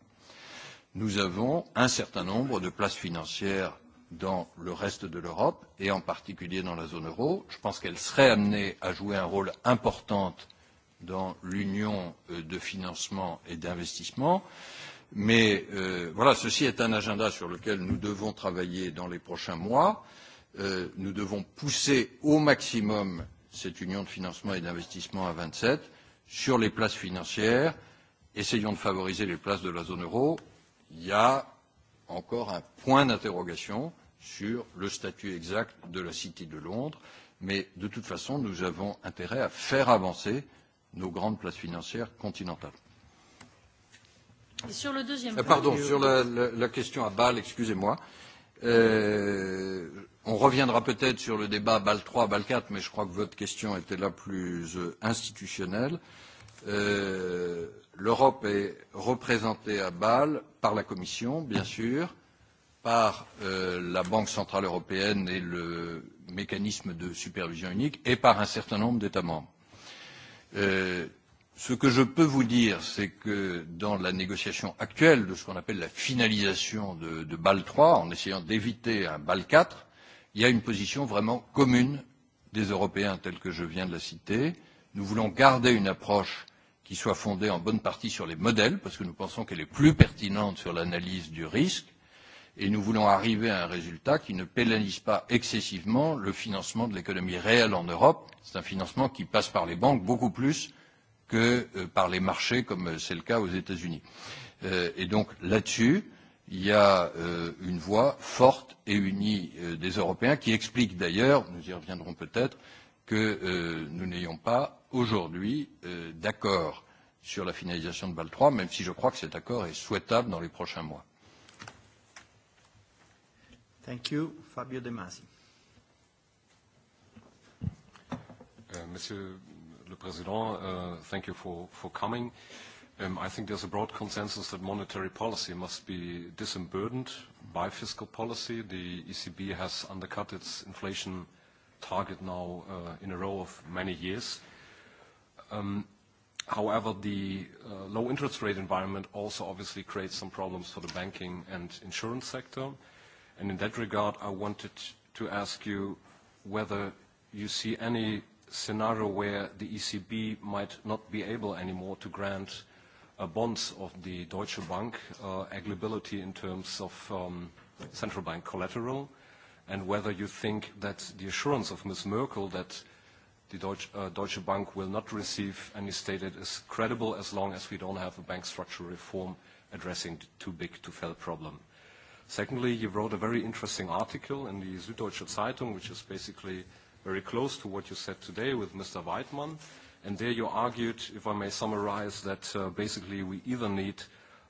B: Nous avons un certain nombre de places financières dans le reste de l'Europe et en particulier dans la zone euro. Je pense qu'elle serait amenée à jouer un rôle important dans l'union euh, de financement et d'investissement. Mais euh, voilà, ceci est un agenda sur lequel nous devons travailler dans les prochains mois. Euh, nous devons pousser au maximum cette union de financement et d'investissement à 27 sur les places financières. Essayons de favoriser les places de la zone euro. Il y a encore un point d'interrogation sur le statut exact de la City de Londres, mais de toute façon, nous avons intérêt à faire avancer euh, nos grandes places financières continentales.
F: Et sur le deuxième ah, point, Pardon, euh, sur la,
B: la, la question à Bâle, excusez-moi. Euh, on reviendra peut-être sur le débat Bâle 3, Bâle 4, mais je crois que votre question était la plus euh, institutionnelle. Euh, L'Europe est représentée à Bâle par la Commission, bien sûr, par euh, la Banque centrale européenne et le mécanisme de supervision unique, et par un certain nombre d'États membres. Euh, ce que je peux vous dire, c'est que dans la négociation actuelle de ce qu'on appelle la finalisation de, de BAL 3, en essayant d'éviter un BAL 4, il y a une position vraiment commune des Européens telle que je viens de la citer. Nous voulons garder une approche qui soit fondée en bonne partie sur les modèles, parce que nous pensons qu'elle est plus pertinente sur l'analyse du risque, et nous voulons arriver à un résultat qui ne pénalise pas excessivement le financement de l'économie réelle en Europe. C'est un financement qui passe par les banques beaucoup plus que euh, par les marchés, comme euh, c'est le cas aux États-Unis. Euh, et donc là-dessus, il y a euh, une voix forte et unie euh, des Européens qui explique d'ailleurs, nous y reviendrons peut-être, que euh, nous n'ayons pas aujourd'hui euh, d'accord sur la finalisation de BAL3, même si je crois que cet accord est souhaitable dans les prochains mois.
A: Thank you. Fabio De Masi.
G: Uh, Monsieur le Président, uh, thank you for, for coming. Um, I think there's a broad consensus that monetary policy must be disemburdened by fiscal policy. The ECB has undercut its inflation target now uh, in a row of many years. Um, however, the uh, low interest rate environment also obviously creates some problems for the banking and insurance sector. Uh, And in that regard, I wanted to ask you whether you see any scenario where the ECB might not be able anymore to grant uh, bonds of the Deutsche Bank uh, eligibility in terms of um, central bank collateral, and whether you think that the assurance of Ms. Merkel that the Deutsche, uh, Deutsche Bank will not receive any state aid is credible as long as we don't have a bank structure reform addressing the too big to fail problem. Secondly, you wrote a very interesting article in the Süddeutsche Zeitung, which is basically very close to what you said today with Mr. Weidmann. And there you argued, if I may summarize, that uh, basically we either need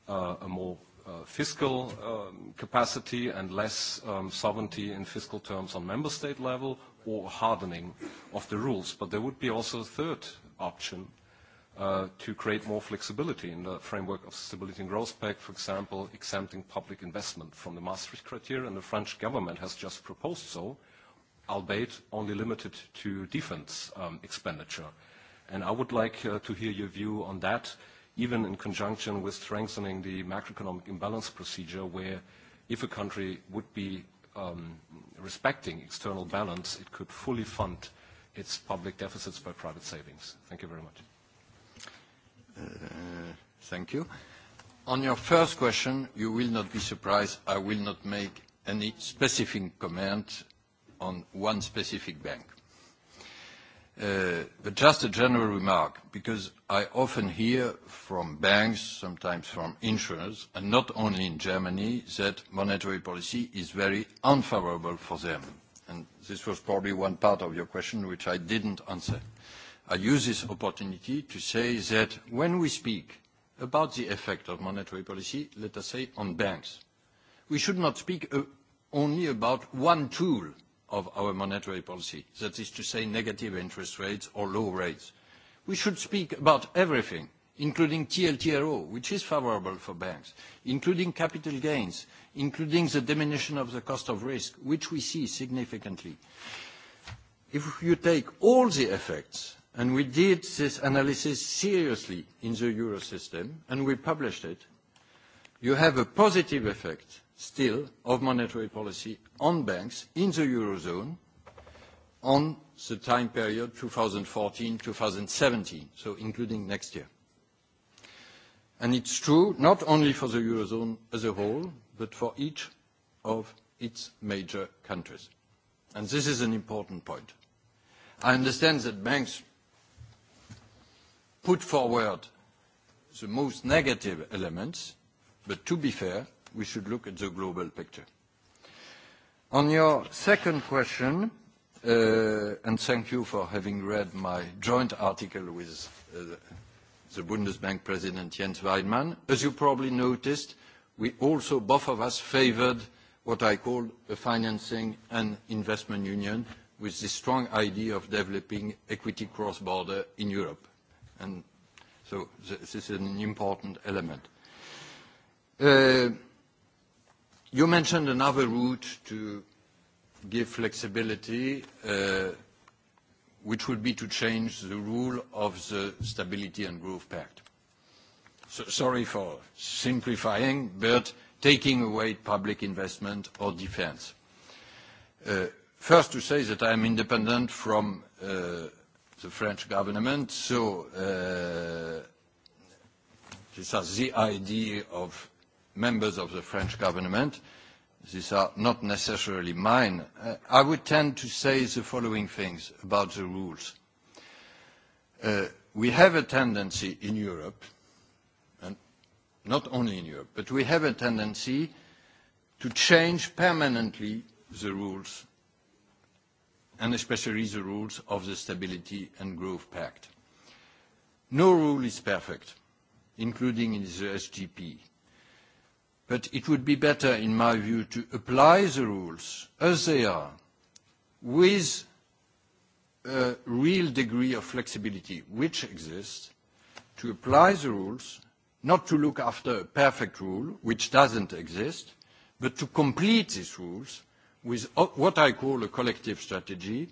G: uh, a more uh, fiscal um, capacity and less um, sovereignty in fiscal terms on member state level or hardening of the rules. But there would be also a third option, uh, to create more flexibility in the framework of Stability and Growth Pact, for example, exempting public investment from the Maastricht criteria, and the French government has just proposed so, albeit only limited to defense um, expenditure. And I would like uh, to hear your view on that, even in conjunction with strengthening the macroeconomic imbalance procedure, where if a country would be um, respecting external balance, it could fully fund
B: its public deficits by private savings. Thank you very much. Uh, thank you. On your first question, you will not be surprised, I will not make any specific comment on one specific bank. Uh, but just a general remark, because I often hear from banks, sometimes from insurers, and not only in Germany, that monetary policy is very unfavorable for them. And this was probably one part of your question which I didn't answer. I use this opportunity to say that when we speak about the effect of monetary policy, let us say, on banks, we should not speak uh, only about one tool of our monetary policy, that is to say, negative interest rates or low rates. We should speak about everything, including TLTRO, which is favorable for banks, including capital gains, including the diminution of the cost of risk, which we see significantly. If you take all the effects and we did this analysis seriously in the euro system, and we published it, you have a positive effect still of monetary policy on banks in the eurozone on the time period 2014-2017, so including next year. And it's true not only for the eurozone as a whole, but for each of its major countries. And this is an important point. I understand that banks put forward the most negative elements, but to be fair, we should look at the global picture. On your second question, uh, and thank you for having read my joint article with uh, the Bundesbank President, Jens Weidmann. As you probably noticed, we also, both of us, favored what I call a financing and investment union, with the strong idea of developing equity cross-border in Europe. And so th this is an important element. Uh, you mentioned another route to give flexibility, uh, which would be to change the rule of the Stability and Growth Pact. So, sorry for simplifying, but taking away public investment or defense. Uh, first, to say that I am independent from uh, the French government. So uh, these are the idea of members of the French government. These are not necessarily mine. Uh, I would tend to say the following things about the rules. Uh, we have a tendency in Europe, and not only in Europe, but we have a tendency to change permanently the rules and especially the rules of the Stability and Growth Pact. No rule is perfect, including in the SGP. But it would be better, in my view, to apply the rules as they are with a real degree of flexibility which exists, to apply the rules, not to look after a perfect rule which doesn't exist, but to complete these rules with what I call a collective strategy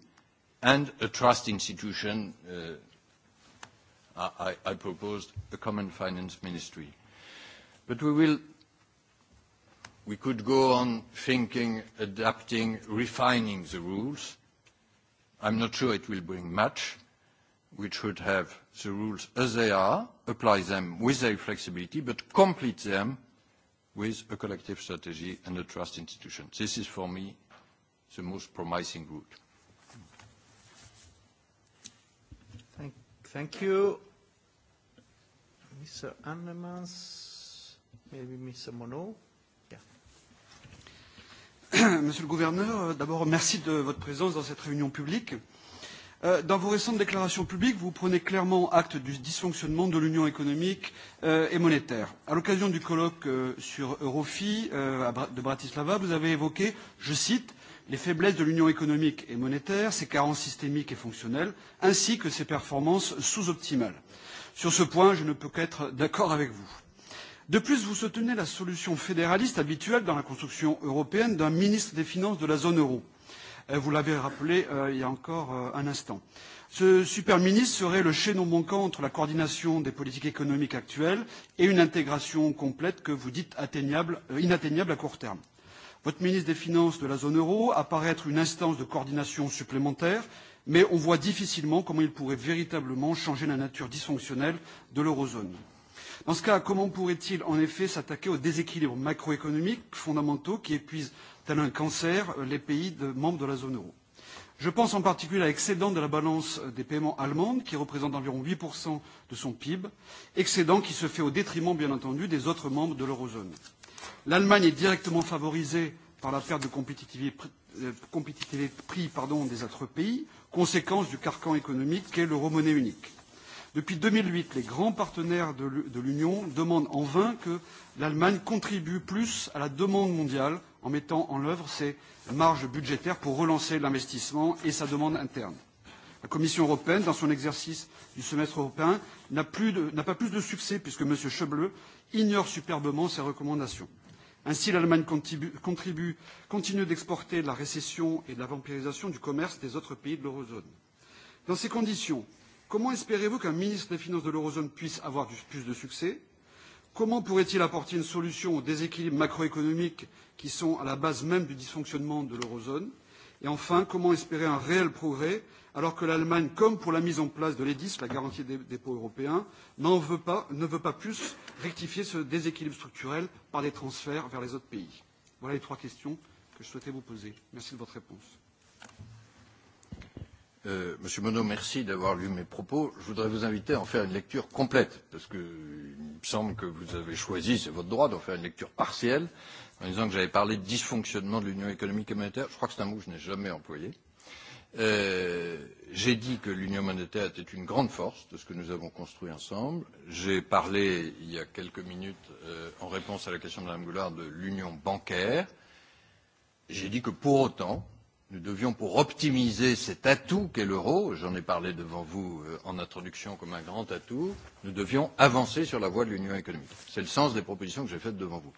B: and a trust institution. Uh, I, I proposed a common finance ministry. But we will we could go on thinking, adapting, refining the rules. I'm not sure it will bring much. We should have the rules as they are, apply them with their flexibility, but complete them with a collective strategy and a trust institution. This is, for me, the most promising route.
A: Thank, thank you. Mr.
H: Annemans, maybe Mr. Monod. Yeah. Monsieur le gouverneur, d'abord, merci de votre présence dans cette réunion publique. Euh, dans vos récentes déclarations publiques, vous prenez clairement acte du dysfonctionnement de l'union économique euh, et monétaire. À l'occasion du colloque euh, sur Eurofi euh, de Bratislava, vous avez évoqué, je cite, les faiblesses de l'union économique et monétaire, ses carences systémiques et fonctionnelles, ainsi que ses performances sous-optimales. Sur ce point, je ne peux qu'être d'accord avec vous. De plus, vous soutenez la solution fédéraliste habituelle dans la construction européenne d'un ministre des Finances de la zone euro. Euh, Euh, vous l'avez rappelé euh, il y a encore euh, un instant. Ce super ministre serait le chaînon manquant entre la coordination des politiques économiques actuelles et une intégration complète que vous dites atteignable, euh, inatteignable à court terme. Votre ministre des Finances de la zone euro apparaît être une instance de coordination supplémentaire, mais on voit difficilement comment il pourrait véritablement changer la nature dysfonctionnelle de l'eurozone. Dans ce cas, comment pourrait-il en effet s'attaquer aux déséquilibres macroéconomiques fondamentaux qui épuisent tel un cancer, euh, les pays de, membres de la zone euro. Je pense en particulier à l'excédent de la balance euh, des paiements allemande, qui représente environ 8% de son PIB, excédent qui se fait au détriment, bien entendu, des autres membres de l'eurozone. L'Allemagne est directement favorisée par la perte de compétitivité, euh, compétitivité de prix pardon, des autres pays, conséquence du carcan économique qu'est l'euro-monnaie unique. Depuis 2008, les grands partenaires de l'Union demandent en vain que l'Allemagne contribue plus à la demande mondiale en mettant en œuvre ces marges budgétaires pour relancer l'investissement et sa demande interne. La Commission européenne, dans son exercice du semestre européen, n'a pas plus de succès puisque M. Schäuble ignore superbement ses recommandations. Ainsi, l'Allemagne contribue, continue d'exporter de la récession et de la vampirisation du commerce des autres pays de l'eurozone. Dans ces conditions, comment espérez-vous qu'un ministre des Finances de l'eurozone puisse avoir du, plus de succès Comment pourrait-il apporter une solution aux déséquilibres macroéconomiques qui sont à la base même du dysfonctionnement de l'eurozone Et enfin, comment espérer un réel progrès alors que l'Allemagne, comme pour la mise en place de l'EDIS, la garantie des dépôts européens, veut pas, ne veut pas plus rectifier ce déséquilibre structurel par des transferts vers les autres pays Voilà les trois questions que je souhaitais vous poser. Merci de votre réponse.
B: Euh, Monsieur Monod, merci d'avoir lu mes propos. Je voudrais vous inviter à en faire une lecture complète, parce qu'il me semble que vous avez choisi, c'est votre droit, d'en faire une lecture partielle, en disant que j'avais parlé de dysfonctionnement de l'Union économique et monétaire. Je crois que c'est un mot que je n'ai jamais employé. Euh, j'ai dit que l'union monétaire était une grande force de ce que nous avons construit ensemble. J'ai parlé il y a quelques minutes, euh, en réponse à la question de Mme Goulard, de l'union bancaire. J'ai dit que pour autant, nous devions, pour optimiser cet atout qu'est l'euro, j'en ai parlé devant vous euh, en introduction comme un grand atout, nous devions avancer sur la voie de l'union économique. C'est le sens des propositions que j'ai faites devant vous.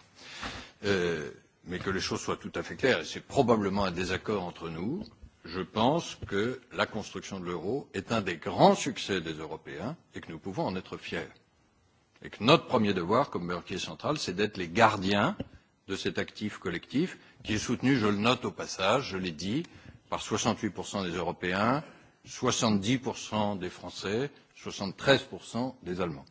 B: Euh, mais que les choses soient tout à fait claires, et c'est probablement un désaccord entre nous, je pense que la construction de l'euro est un des grands succès des Européens et que nous pouvons en être fiers. Et que notre premier devoir, comme banquier central, c'est d'être les gardiens euh, de cet actif collectif, qui est soutenu, je le note au passage, je l'ai dit, par 68% des Européens, 70% des Français, 73% des Allemands.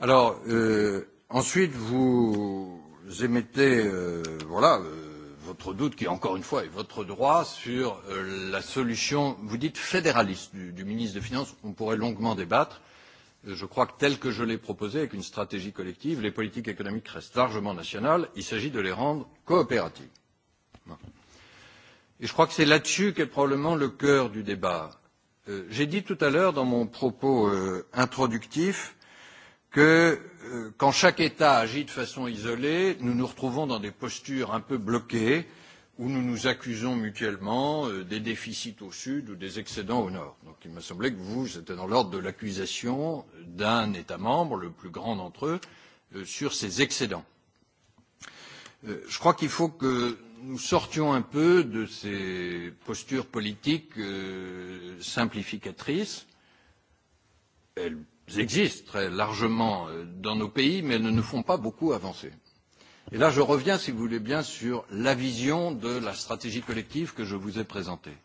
B: Alors, euh, ensuite, vous émettez, euh, voilà, euh, votre doute, qui encore une fois est votre droit, sur euh, la solution, vous dites fédéraliste, du, du ministre des Finances, on pourrait longuement débattre. Euh, je crois que tel que je l'ai proposé avec une stratégie collective, les politiques économiques restent largement nationales, il s'agit de les rendre coopératives. Et je crois que c'est là-dessus qu'est probablement le cœur du débat. Euh, J'ai dit tout à l'heure dans mon propos euh, introductif que euh, quand chaque État agit de façon isolée, nous nous retrouvons dans des postures un peu bloquées euh, où nous nous accusons mutuellement euh, des déficits au sud ou des excédents au nord. Donc il me semblait que vous, c'était dans l'ordre de l'accusation d'un État membre, le plus grand d'entre eux, euh, sur ses excédents. Euh, je crois qu'il faut que nous sortions un peu de ces postures politiques euh, simplificatrices. Elles existent très largement euh, dans nos pays, mais elles ne nous font pas beaucoup avancer. Et là, je reviens, si vous voulez bien, sur la vision de la stratégie collective que je vous ai présentée.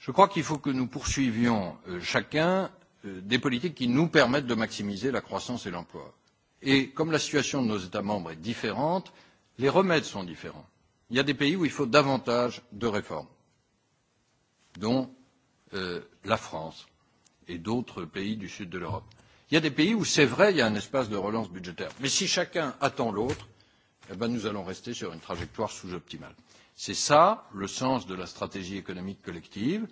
B: Je crois qu'il faut que nous poursuivions euh, chacun euh, des politiques qui nous permettent de maximiser la croissance et l'emploi. Et comme la situation de nos États membres est différente, les remèdes sont différents. Il y a des pays où il faut davantage de réformes, dont euh, la France et d'autres pays du sud de l'Europe. Il y a des pays où, c'est vrai, il y a un espace de relance budgétaire. Mais si chacun attend l'autre, eh ben, nous allons rester sur une trajectoire sous-optimale. C'est ça le sens de la stratégie économique collective.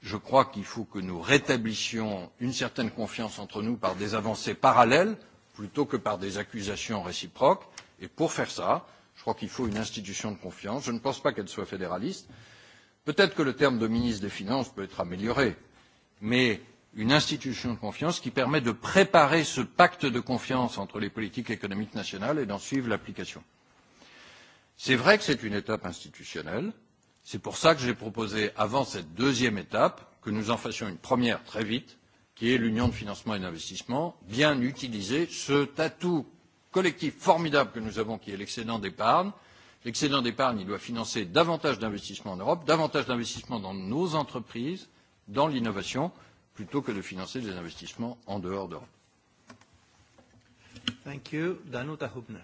B: Je crois qu'il faut que nous rétablissions une certaine confiance entre nous par des avancées parallèles plutôt que par des accusations réciproques. Et pour faire ça, je crois qu'il faut une institution de confiance. Je ne pense pas qu'elle soit fédéraliste. Peut-être que le terme de ministre des Finances peut être amélioré, mais une institution de confiance qui permet de préparer ce pacte de confiance entre les politiques économiques nationales et d'en suivre l'application. C'est vrai que c'est une étape institutionnelle. C'est pour ça que j'ai proposé, avant cette deuxième étape, que nous en fassions une première très vite, qui est l'union de financement et d'investissement, bien utiliser cet atout collectif formidable que nous avons, qui est l'excédent d'épargne. L'excédent d'épargne, il doit financer davantage d'investissements en Europe, davantage d'investissements dans nos entreprises, dans l'innovation, plutôt que de financer des investissements en dehors d'Europe. Thank you. Danuta
A: Hubner.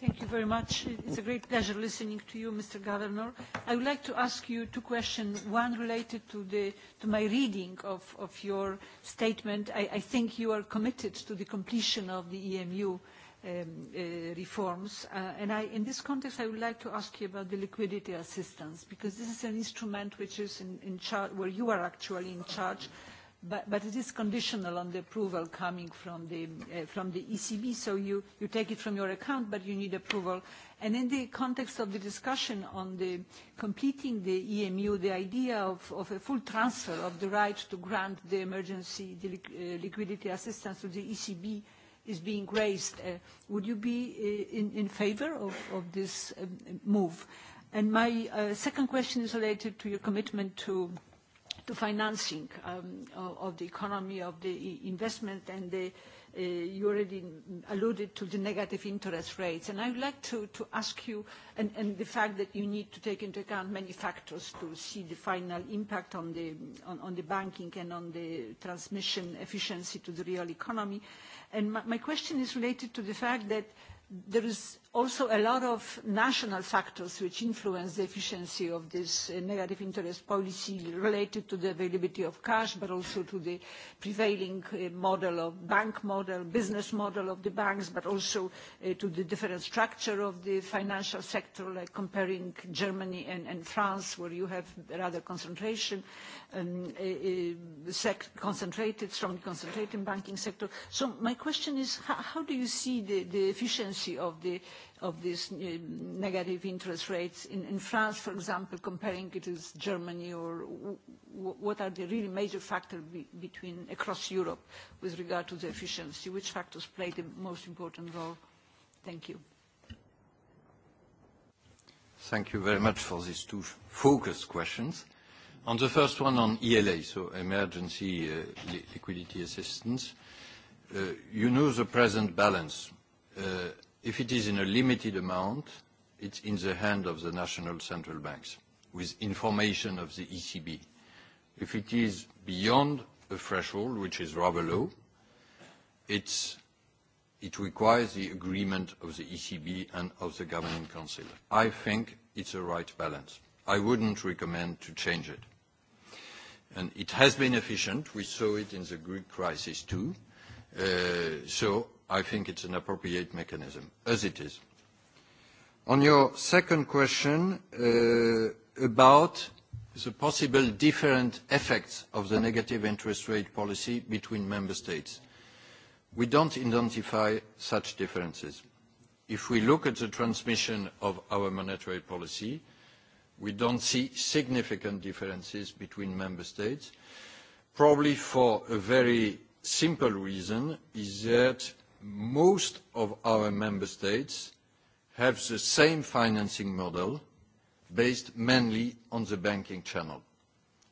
I: Thank you very much. It's a great pleasure listening to you, Mr. Governor. I would like to ask you two questions, one related to, the, to my reading of, of your statement. I, I think you are committed to the completion of the EMU uh, um, uh, reforms. Uh, and I, in this context, I would like to ask you about the liquidity assistance, because this is an instrument which is in, in charge, where you are actually in charge, but, but it is conditional on the approval coming from the, uh, from the ECB, so you, you take it from your account, but you need approval. And in the context of the discussion on the completing the EMU, the idea of, of a full transfer of the right to grant the emergency the, uh, liquidity assistance to the ECB uh, is being raised. Uh, would you be uh, in, in favor of, of this um, move? And my uh, second question is related to your commitment to, to financing um, of, of the economy, of the investment, and the, uh, you already alluded to the negative interest rates. And I would like to, to ask you, and, and the fact that you need to take into account many factors to see the final impact on the, on, on the banking and on the transmission efficiency to the real economy. Uh, And my, my question is related to the fact that there is also a lot of national factors which influence the efficiency of this uh, negative interest policy related to the availability of cash but also to the prevailing uh, model of bank model business model of the banks but also uh, to the different structure of the financial sector like comparing germany and, and france where you have rather concentration um, concentrated strongly concentrated banking sector so my question is how, how do you see the, the efficiency of the of these uh, negative interest rates in, in France, for example, comparing it with Germany, or what are the really major factors be between across Europe with regard to the efficiency? Which factors play the most important role? Thank you.
B: Thank you very much for these two focused questions. On the first one on ELA, so emergency uh, li liquidity assistance, uh, you know the present balance. Uh, If it is in a limited amount, it's in the hand of the national central banks with information of the ECB. If it is beyond a threshold, which is rather low, it's, it requires the agreement of the ECB and of the Governing Council. I think it's a right balance. I wouldn't recommend to change it. And it has been efficient. We saw it in the Greek crisis too. Uh, so I think it's an appropriate mechanism, as it is. On your second question uh, about the possible different effects of the negative interest rate policy between member states, we don't identify such differences. If we look at the transmission of our monetary policy, we don't see significant differences between member states, probably for a very simple reason, is that most of our member states have the same financing model based mainly on the banking channel.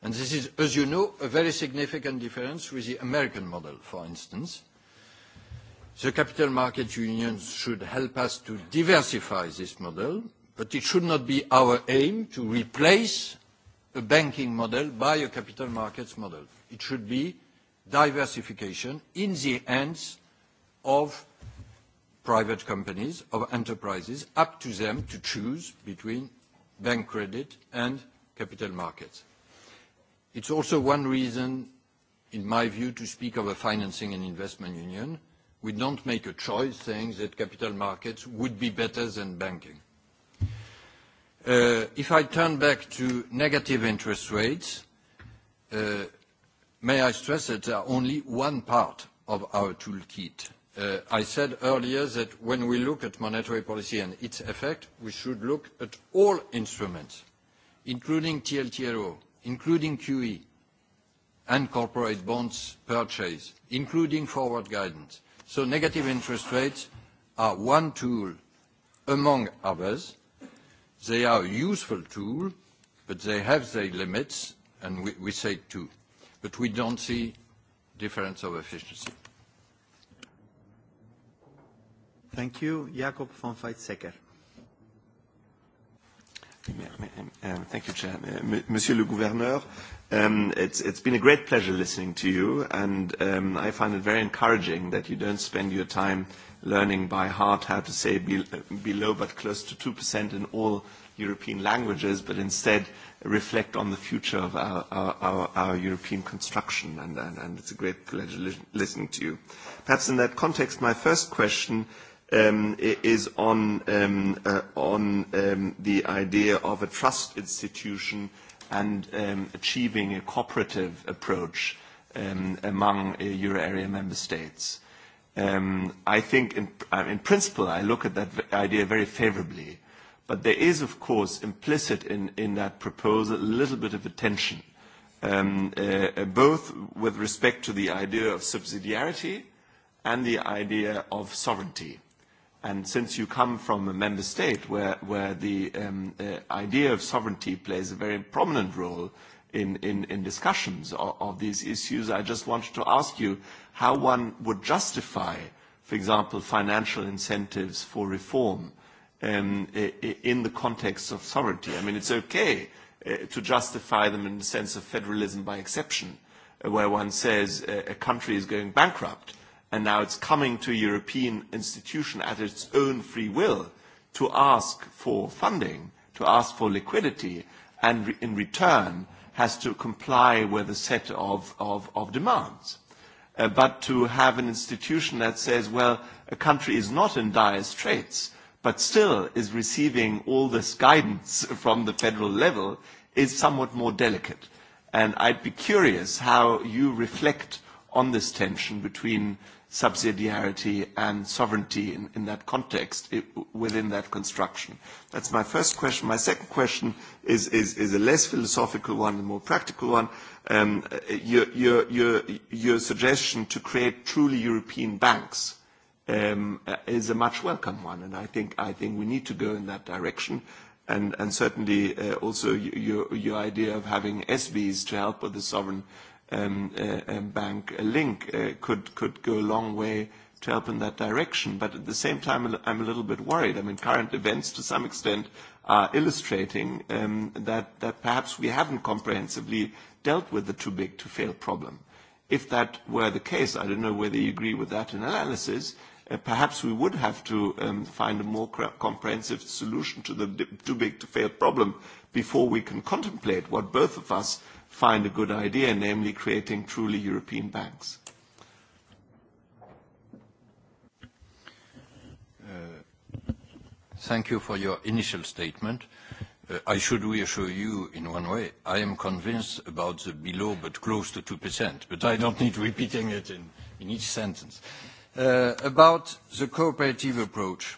B: And this is, as you know, a very significant difference with the American model, for instance. The capital market union should help us to diversify this model, but it should not be our aim to replace a banking model by a capital markets model. It should be diversification in the hands of private companies, of enterprises, up to them to choose between bank credit and capital markets. It's also one reason, in my view, to speak of a financing and investment union. We don't make a choice saying that capital markets would be better than banking. Uh, if I turn back to negative interest rates, uh, may I stress that they are only one part of our toolkit. Uh, I said earlier that when we look at monetary policy and its effect, we should look at all instruments, including TLTRO, including QE and corporate bonds purchase, including forward guidance. So negative interest rates are one tool among others. They are a useful tool, but they have their limits, and we, we say two. But we don't see difference of efficiency.
A: Thank you. Jakob van Weizsäcker.
J: Um, thank you, Chair. Uh, Monsieur le Gouverneur, um, it's, it's been a great pleasure listening to you, and um, I find it very encouraging that you don't spend your time learning by heart how to say be, below but close to 2% in all European languages, but instead reflect on the future of our, our, our, our European construction, and, and, and it's a great pleasure li listening to you. Perhaps in that context, my first question um, is on, um, uh, on um, the idea of a trust institution and um, achieving a cooperative approach um, among uh, euro area member states. Um, I think in, uh, in principle I look at that idea very favorably, but there is of course implicit in, in that proposal a little bit of a tension, um, uh, both with respect to the idea of subsidiarity and the idea of sovereignty. And since you come from a member state where, where the um, uh, idea of sovereignty plays a very prominent role in, in, in discussions of, of these issues, I just wanted to ask you how one would justify, for example, financial incentives for reform um, in the context of sovereignty. I mean, it's okay uh, to justify them in the sense of federalism by exception, uh, where one says uh, a country is going bankrupt and now it's coming to a European institution at its own free will to ask for funding, to ask for liquidity, and re- in return has to comply with a set of, of, of demands. Uh, but to have an institution that says, well, a country is not in dire straits, but still is receiving all this guidance from the federal level is somewhat more delicate. And I'd be curious how you reflect on this tension between subsidiarity and sovereignty in, in that context, it, within that construction? That's my first question. My second question is, is, is a less philosophical one, a more practical one. Um, your, your, your, your suggestion to create truly European banks um, is a much welcome one, and I think, I think we need to go in that direction. And, and certainly uh, also your, your idea of having SBs to help with the sovereign uh, um, uh, um, bank link uh, could, could go a long way to help in that direction. But at the same time, I'm a little bit worried. I mean, current events to some extent are illustrating um, that, that perhaps we haven't comprehensively dealt with the too big to fail problem. If that were the case, I don't know whether you agree with that analysis, uh, uh, perhaps we would have to um, find a more comprehensive solution to the too big to fail problem before we can contemplate what both of us find a good idea, namely creating truly European banks.
B: Uh,
J: thank you for your initial
B: statement. Uh, I should reassure you in one way. I am convinced about the below but close to 2%, but I don't need repeating it in, in each sentence. Uh, Uh, about the cooperative approach,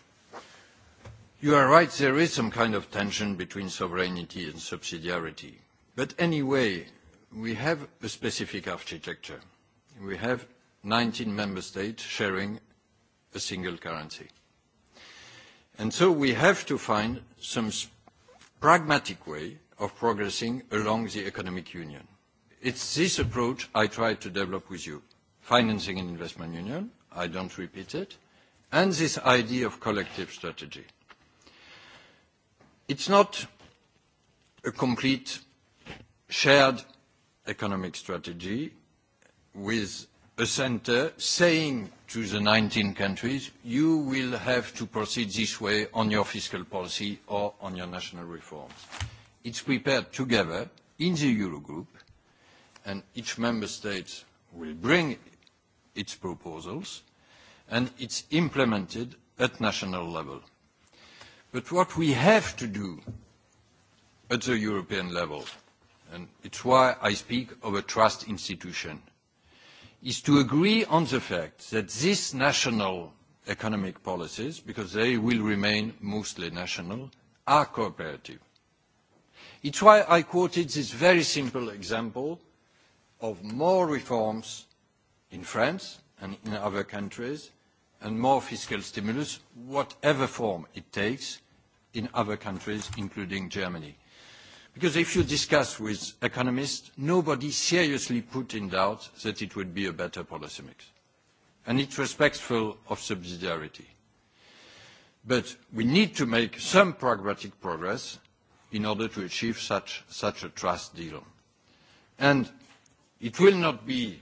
B: you are right, there is some kind of tension between sovereignty and subsidiarity. But anyway, we have a specific architecture. We have 19 member states sharing a single currency. And so we have to find some pragmatic way of progressing along the economic union. It's this approach I try to develop with you. Financing and Investment Union, I don't repeat it, and this idea of collective strategy. It's not a complete shared economic strategy with a center saying to the 19 countries, "You will have to proceed this way on your fiscal policy or on your national reforms." It's prepared together in the Eurogroup, and each member state will bring its proposals, and it's implemented at national level. But what we have to do at the European level, and it's why I speak of a trust institution, is to agree on the fact that these national economic policies, because they will remain mostly national, are cooperative. It's why I quoted this very simple example of more reforms in France and in other countries, and more fiscal stimulus, whatever form it takes, in other countries, including Germany. Because if you discuss with economists, nobody seriously put in doubt that it would be a better policy mix. And it's respectful of subsidiarity. But we need to make some pragmatic progress in order to achieve such, such a trust deal. And it will not be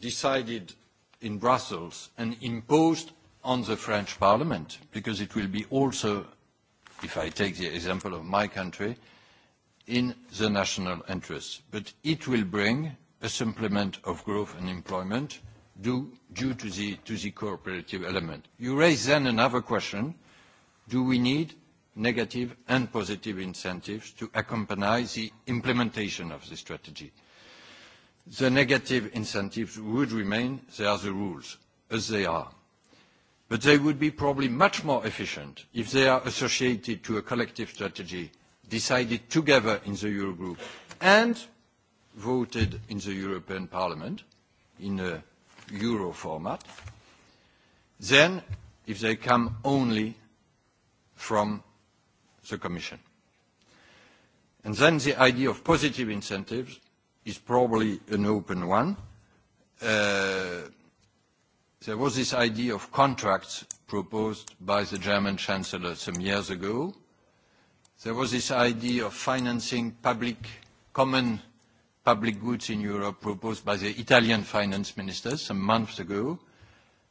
B: decided in Brussels and imposed on the French Parliament, because it will be also, if I take the example of my country, in the national interest. But it will bring a supplement of growth and employment due, due to, the, to the cooperative element. You raise then another question, do we need negative and positive incentives to accompany the implementation of the strategy? Uh, the negative incentives would remain. They are the rules, as they are. But they would be probably much more efficient if they are associated to a collective strategy decided together in the Eurogroup and voted in the European Parliament in a Euro format, than if they come only from the Commission. And then the idea of positive incentives is probably an open one. Uh, there was this idea of contracts proposed by the German Chancellor some years ago. There was this idea of financing public, common public goods in Europe proposed by the Italian finance minister some months ago.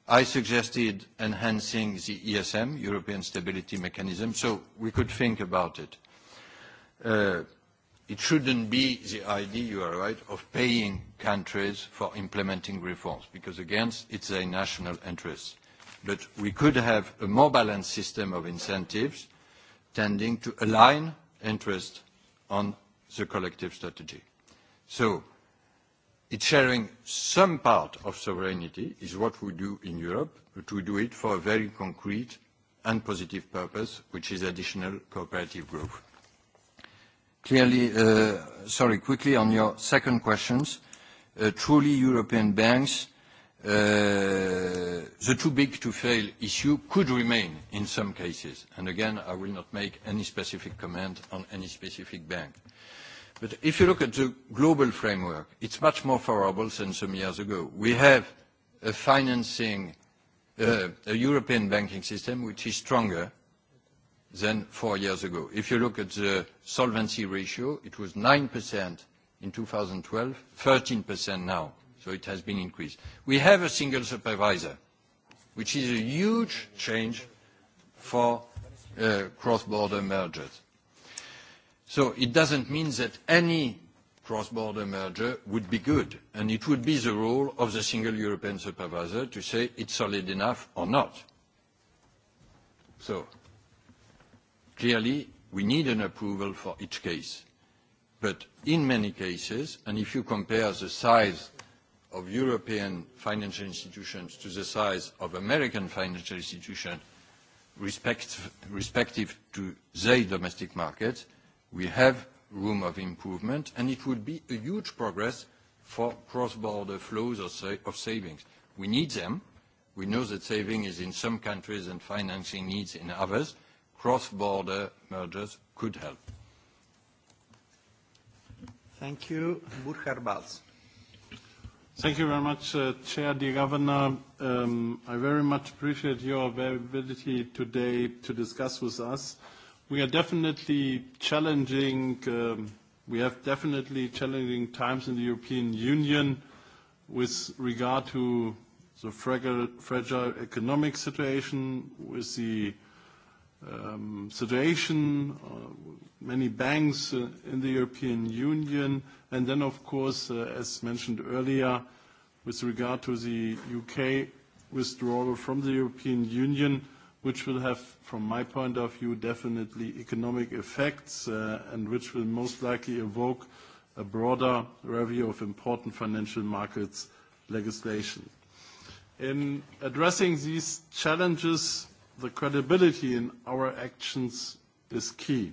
B: I suggested enhancing the ESM, European Stability Mechanism, so we could think about it. Uh, it shouldn't be the idea, you are right, of paying countries for implementing reforms, because again, it's their national interest. But we could have a more balanced system of incentives tending to align interest on the collective strategy. So it's sharing some part of sovereignty is what we do in Europe, but we do it for a very concrete and positive purpose, which is additional cooperative growth. Clearly, uh, sorry, quickly on your second questions. Uh, truly European banks, uh, the too big to fail issue could remain in some cases. And again, I will not make any specific comment on any specific bank. But if you look at the global framework, it's much more favorable than some years ago. We have a financing, uh, a European banking system which is stronger, than four years ago. If you look at the solvency ratio, it was 9% in 2012, 13% now, so it has been increased. We have a single supervisor, which is a huge change for uh, cross-border mergers. So it doesn't mean that any cross-border merger would be good, and it would be the role of the single European supervisor to say it's solid enough or not. So Clearly, we need an approval for each case. But in many cases, and if you compare the size of European financial institutions to the size of American financial institutions respect, respective to their domestic markets, we have room of improvement, and it would be a huge progress for cross-border flows of, sa of savings. We need them. We know that saving is in some countries and financing needs in others, cross-border
K: mergers could
B: help.
A: Thank you. Burkhard
K: Balz. Thank you very much, uh, Chair, dear Governor. Um, I very much appreciate your availability today to discuss with us. We are definitely challenging, um, we have definitely challenging times in the European Union with regard to the fragile, fragile economic situation, with the uh, um, situation, uh, many banks uh, in the European Union, and then, of course, uh, as mentioned earlier, with regard to the U.K. withdrawal from the European Union, which will have, from my point of view, definitely economic effects, uh, and which will most likely evoke a broader review of important financial markets legislation. In addressing these challenges, the credibility in our actions is key,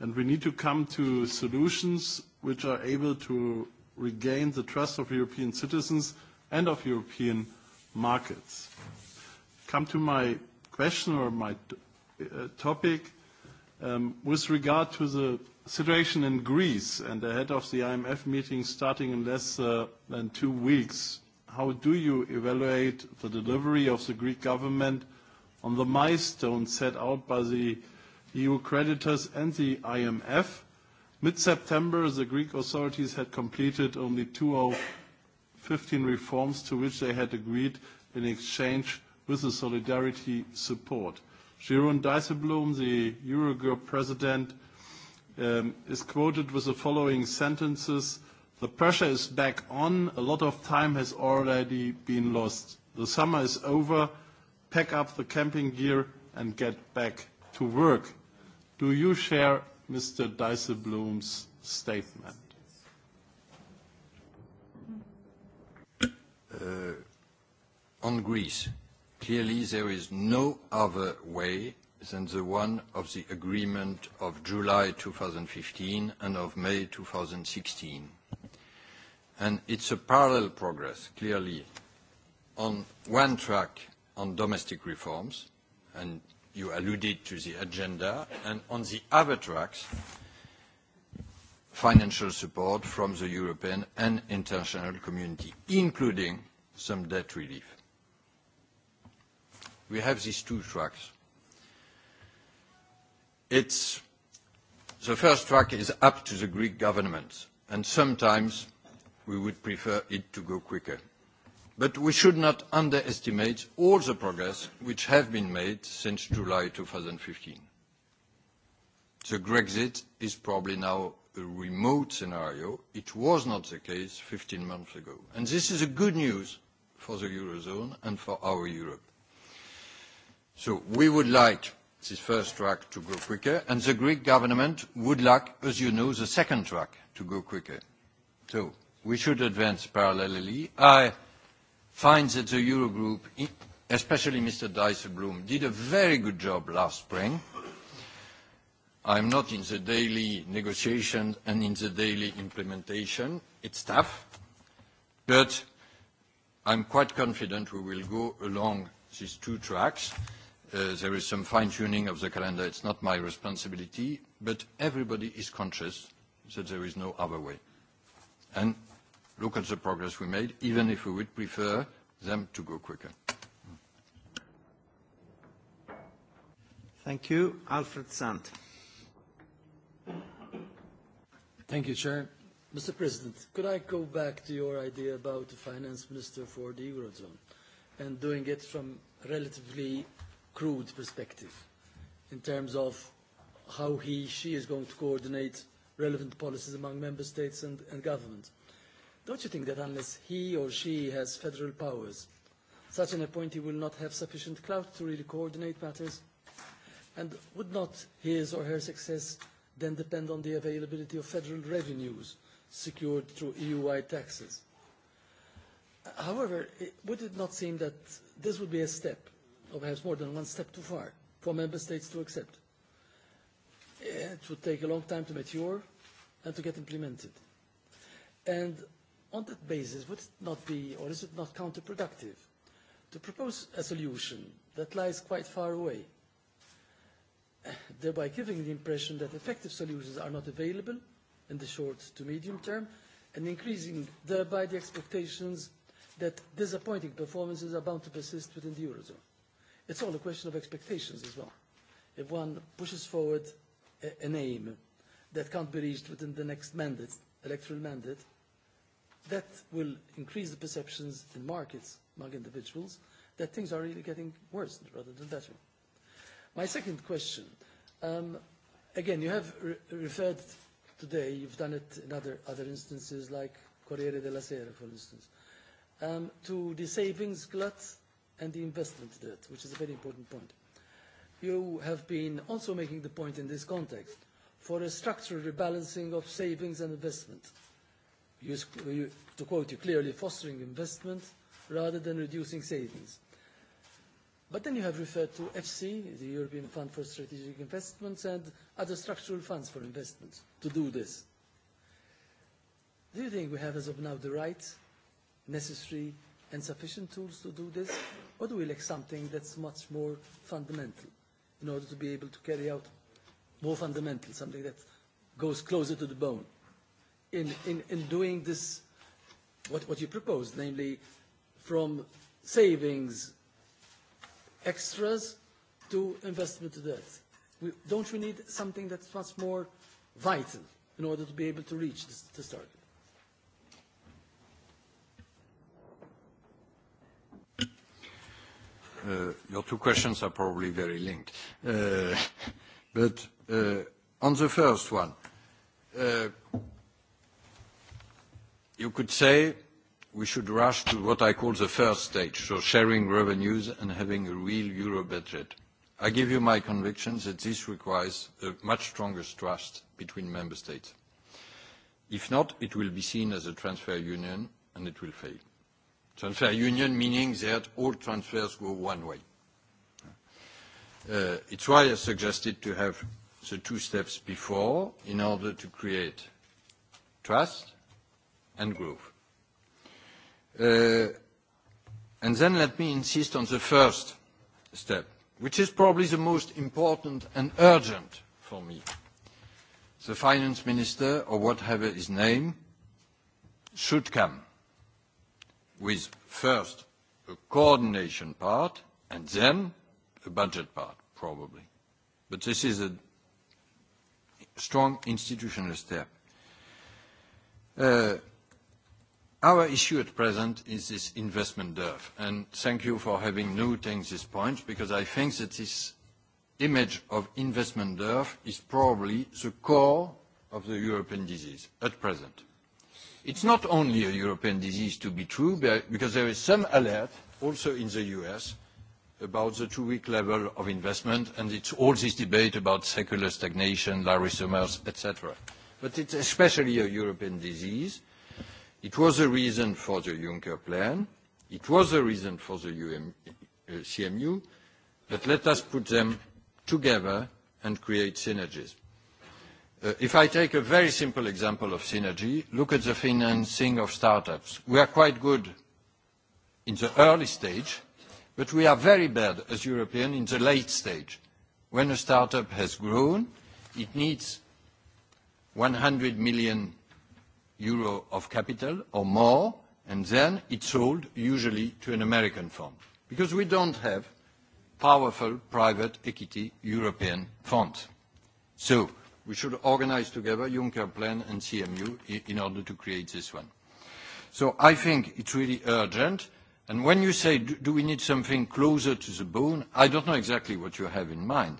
K: and we need to come to solutions which are able to regain the trust of European citizens and of European markets. Come to my question or my uh, topic. Um, with regard to the situation in Greece and ahead of the IMF meeting starting in less uh, than two weeks, how do you evaluate the delivery of the Greek government – on the milestones set out by the EU creditors and the IMF. Mid-September, the Greek authorities had completed only two of 15 reforms to which they had agreed in exchange with the solidarity support. Jeroen Dijsselbloem, the Eurogroup president, um, is quoted with the following sentences: "The pressure is back on. A lot of time has already been lost. The summer is over, pack up the camping gear and get back to work. Do you share Mr. Dijsselbloem's statement? Uh, on Greece,
B: clearly there is no other way than the one of the agreement of July 2015 and of May 2016. And it's a parallel progress, clearly. On one track, on domestic reforms, and you alluded to the agenda, and on the other tracks, financial support from the European and international community, including some debt relief. We have these two tracks. It's the first track is up to the Greek government, and sometimes we would prefer it to go quicker but we should not underestimate all the progress which have been made since July 2015. The Grexit is probably now a remote scenario. It was not the case 15 months ago. And this is good news for the Eurozone and for our Europe. So we would like this first track to go quicker, and the Greek government would like, as you know, the second track to go quicker. So we should advance parallelly. I finds that the Eurogroup, e, especially Mr. Dijsselbloem, did a very good job last spring. I'm not in the daily negotiations and in the daily implementation. It's tough, but I'm quite confident we will go along these two tracks. Uh, there is some fine-tuning of the calendar. It's not my responsibility, but everybody is conscious that there is no other way. And look at the progress we made, even if we would prefer them to go quicker. Thank you. Alfred Sand.
L: Thank you, Chair. Mr. President, could I go back to your idea about the finance minister for the Eurozone and doing it from a relatively crude perspective in terms of how he, she is going to coordinate relevant policies among member states and, and government? Don't you think that unless he or she has federal powers, such an appointee will not have sufficient clout to really coordinate matters? And would not his or her success then depend on the availability of federal revenues secured through EU-wide taxes? However, it, would it not seem that this would be a step, or perhaps more than one step too far, for member states to accept? It would take a long time to mature and to get implemented. And On that basis, would it not be, or is it not counterproductive, to propose a solution that lies quite far away, thereby giving the impression that effective solutions are not available in the short to medium term, and increasing thereby the expectations that disappointing performances are bound to persist within the Eurozone? It's all a question of expectations as well. If one pushes forward a, an aim that can't be reached within the next mandate, electoral mandate, That will increase the perceptions in markets among individuals that things are really getting worse rather than better. My second question, um, again, you have re referred today, you've done it in other, other instances like Corriere della Sera, for instance, um, to the savings glut and the investment debt, which is a very important point. You have been also making the point in this context for a structural rebalancing of savings and investment. Uh, use, you, to quote you clearly, fostering investment rather than reducing savings. But then you have referred to FC, the European Fund for Strategic Investments, and other structural funds for investments to do this. Do you think we have, as of now, the right, necessary, and sufficient tools to do this? Or do we lack something that's much more fundamental in order to be able to carry out more fundamental, something that goes closer to the bone? in, in, in doing this, what, what you proposed, namely from savings extras to investment to debt? We, don't we need something that's much more vital in order to be able to reach this, this target?
B: Uh, your two questions are probably very linked. Uh, but uh, on the first one, uh, You could say we should rush to what I call the first stage, so sharing revenues and having a real euro budget. I give you my conviction that this requires a much stronger trust between member states. If not, it will be seen as a transfer union, and it will fail. Transfer union meaning that all transfers go one way. Uh, it's why I suggested to have the two steps before in order to create trust and growth. Uh, and then let me insist on the first step, which is probably the most important and urgent for me. The finance minister, or whatever his name, should come with first a coordination part and then a budget part, probably. But this is a strong institutional step. Uh, Our issue at present is this investment dearth, and thank you for having noting this point, because I think that this image of investment dearth is probably the core of the European disease at present. It's not only a European disease to be true, because there is some alert also in the U.S. about the two-week level of investment, and it's all this debate about secular stagnation, Larry Summers, et cetera. But it's especially a European disease, It was a reason for the Juncker plan. It was a reason for the UM, uh, CMU. But let us put them together and create synergies. Uh, if I take a very simple example of synergy, look at the financing of startups. We are quite good in the early stage, but we are very bad as European in the late stage. When a startup has grown, it needs 100 million euro of capital or more, and then it's sold usually to an American fund. Because we don't have powerful private equity European funds. So we should organize together Juncker Plan and CMU in order to create this one. So I think it's really urgent. And when you say, do, do we need something closer to the bone, I don't know exactly what you have in mind.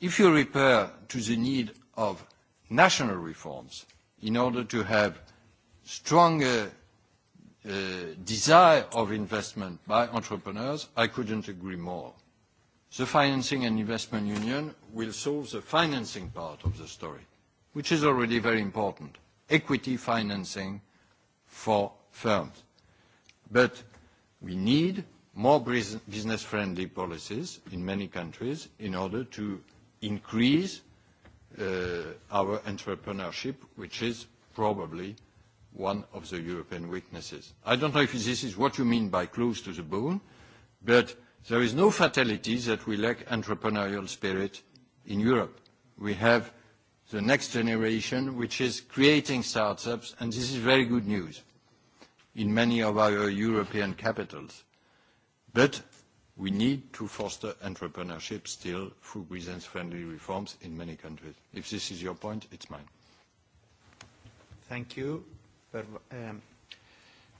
B: If you refer to the need of national reforms, in order to have stronger uh, desire of investment by entrepreneurs, I couldn't agree more. The Financing and Investment Union will solve the financing part of the story, which is already very important, equity financing for firms. But we need more business-friendly policies in many countries in order to increase uh, our entrepreneurship, which is probably one of the European weaknesses. I don't know if this is what you mean by close to the bone, but there is no fatality that we lack entrepreneurial spirit in Europe. We have the next generation, which is creating startups, and this is very good news in many of our European capitals. But We need to foster entrepreneurship still through business-friendly reforms in many countries. If this is your point, it's mine.
A: Thank you. Um,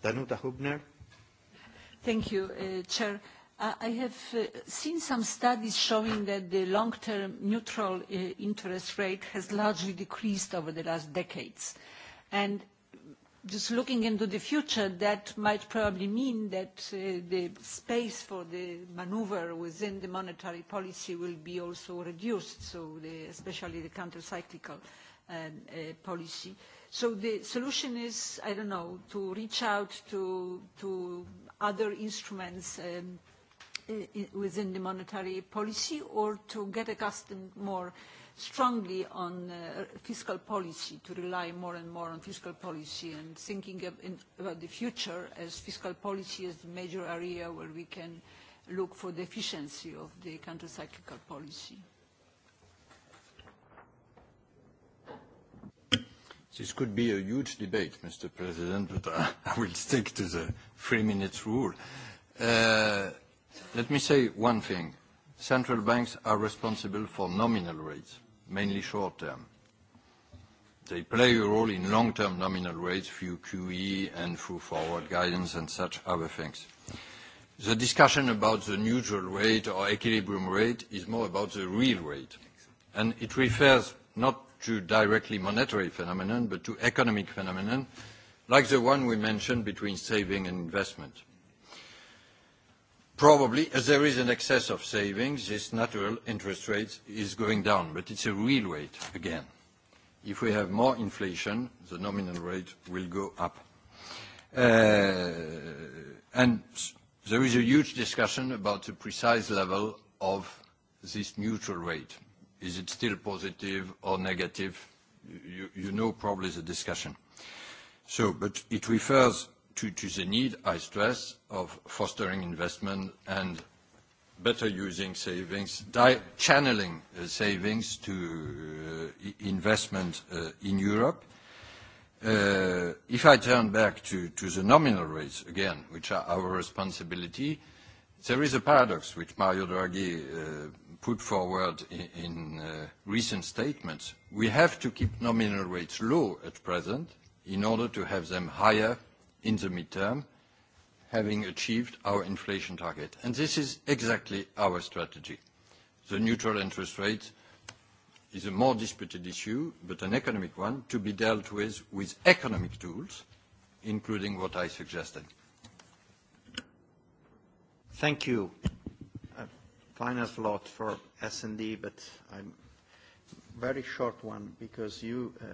A: Danuta Hübner.
I: Thank you, uh, Chair. I have uh, seen some studies showing that the long-term neutral uh, interest rate has largely decreased over the last decades. And just looking into the future, that might probably mean that uh, the space for the maneuver within the monetary policy will be also reduced, so the, especially the counter-cyclical um, uh, policy. So the solution is, I don't know, to reach out to, to other instruments um, within the monetary policy or to get accustomed more uh, strongly on uh, fiscal policy, to rely more and more on fiscal policy and thinking of in, about the future as fiscal policy is the major area where we can look for the efficiency of the countercyclical policy.
B: This could be a huge debate, Mr. President, but I, I will stick to the three minutes rule. Uh, let me say one thing. Central banks are responsible for nominal rates mainly short term. They play a role in long-term nominal rates through QE and through forward guidance and such other things. The discussion about the neutral rate or equilibrium rate is more about the real rate, and it refers not to directly monetary phenomenon, but to economic phenomenon, like the one we mentioned between saving and investment. Probably, as there is an excess of savings, this natural interest rate is going down, but it's a real rate again. If we have more inflation, the nominal rate will go up. Uh, and there is a huge discussion about the precise level of this neutral rate. Is it still positive or negative? You, you know probably the discussion. So, but it refers to, to the need, I stress, of fostering investment and better using savings, di channeling uh, savings to uh, investment uh, in Europe. Uh, if I turn back to, to the nominal rates again, which are our responsibility, there is a paradox which Mario Draghi uh, put forward in, in uh, recent statements. We have to keep nominal rates low at present in order to have them higher in the midterm, having achieved our inflation target. And this is exactly our strategy. The neutral interest rate is a more disputed issue, but an economic one to be dealt with with economic tools, including what I suggested. Thank you.
A: Uh, final slot for S&D, but I'm very short one because you, uh,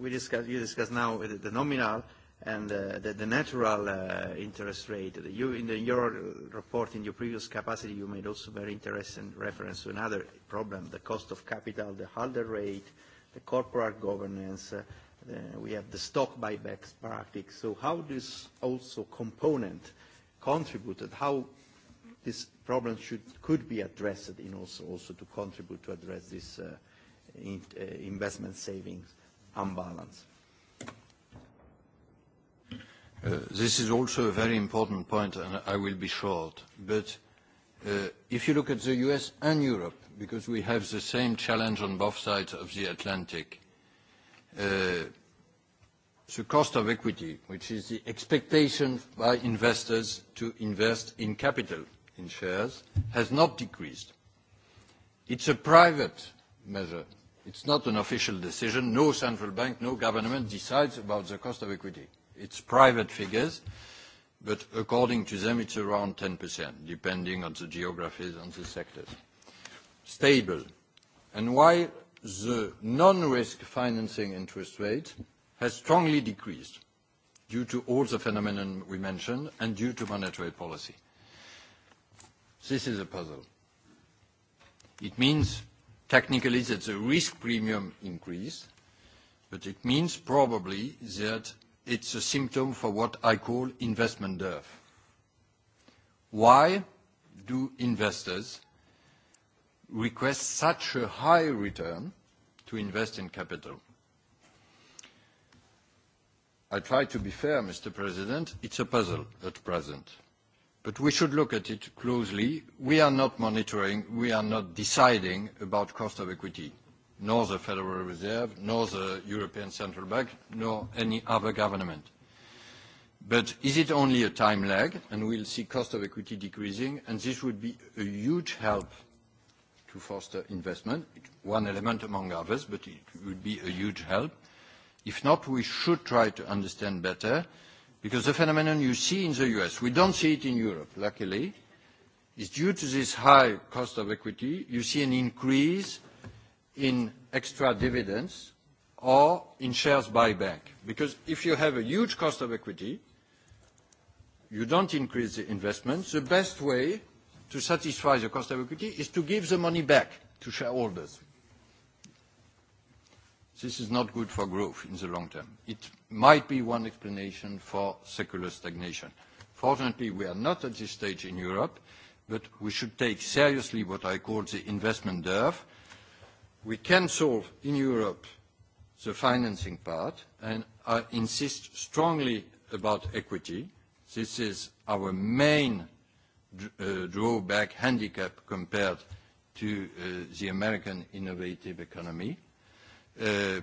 A: we discuss, you discuss now the nominal and uh, the, the natural uh, interest rate. You, in the, your report, in your previous capacity, you made also very interesting reference to another problem, the cost of capital, the holder rate, the corporate governance. Uh, the, we have the stock buyback practice. So how this also component contributed, how this problem should, could be addressed in also, also to contribute to address this uh, in, uh, investment savings
B: imbalance. Uh, this is also a very important point, and I will be short. But uh, if you look at the US and Europe, because we have the same challenge on both sides of the Atlantic, uh, the cost of equity, which is the expectation by investors to invest in capital, in shares, has not decreased. It's a private measure. It's not an official decision. No central bank, no government decides about the cost of equity It's private figures, but according to them, it's around 10%, depending on the geographies and the sectors. Stable. And while the non-risk financing interest rate has strongly decreased due to all the phenomenon we mentioned and due to monetary policy. This is a puzzle. It means technically that the risk premium increased, but it means probably that it's a symptom for what I call investment dearth. Why do investors request such a high return to invest in capital? I try to be fair, Mr. President. It's a puzzle at present, but we should look at it closely. We are not monitoring, we are not deciding about cost of equity nor the Federal Reserve, nor the European Central Bank, nor any other government. But is it only a time lag, and we'll see cost of equity decreasing, and this would be a huge help to foster investment, one element among others, but it would be a huge help. If not, we should try to understand better, because the phenomenon you see in the U.S., we don't see it in Europe, luckily, is due to this high cost of equity. You see an increase in extra dividends or in shares buyback. Because if you have a huge cost of equity, you don't increase the investments. The best way to satisfy the cost of equity is to give the money back to shareholders. This is not good for growth in the long term. It might be one explanation for secular stagnation. Fortunately, we are not at this stage in Europe, but we should take seriously what I call the investment dearth, We can solve in Europe the financing part, and I insist strongly about equity. This is our main uh, drawback, handicap compared to uh, the American innovative economy. Uh,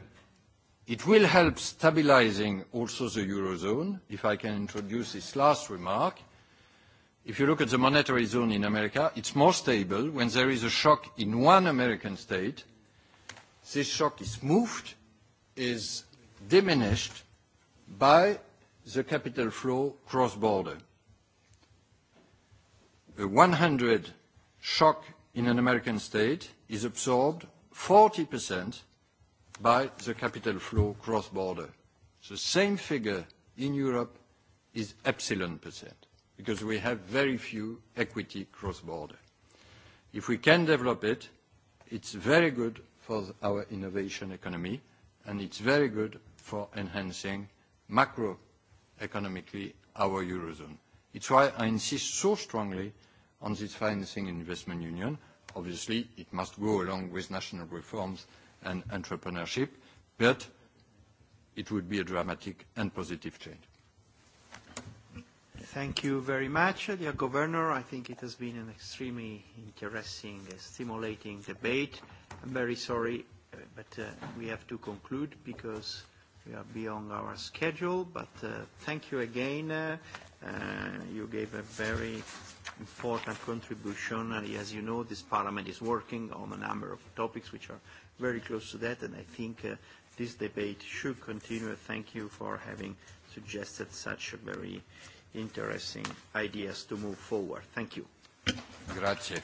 B: it will help stabilizing also the Eurozone, if I can introduce this last remark. If you look at the monetary zone in America, it's more stable. When there is a shock in one American state, this shock is moved, is diminished by the capital flow cross-border. A 100 shock in an American state is absorbed 40% by the capital flow cross-border. The same figure in Europe is epsilon percent, because we have very few equity cross-border. If we can develop it, it's very good for our innovation economy, and it's very good for enhancing macroeconomically our Eurozone. It's why I insist so strongly on this financing investment union. Obviously, it must go along with national reforms and entrepreneurship, but it would be a dramatic and positive change.
A: Thank you very much, dear Governor. I think it has been an extremely interesting and stimulating debate. I'm very sorry, uh, but uh, we have to conclude because we are beyond our schedule. But uh, thank you again. Uh, uh, you gave a very important contribution. And as you know, this parliament is working on a number of topics which are very close to that, and I think uh, this debate should continue. Thank you for having suggested such a very interesting ideas to move forward. Thank you.
B: Grazie.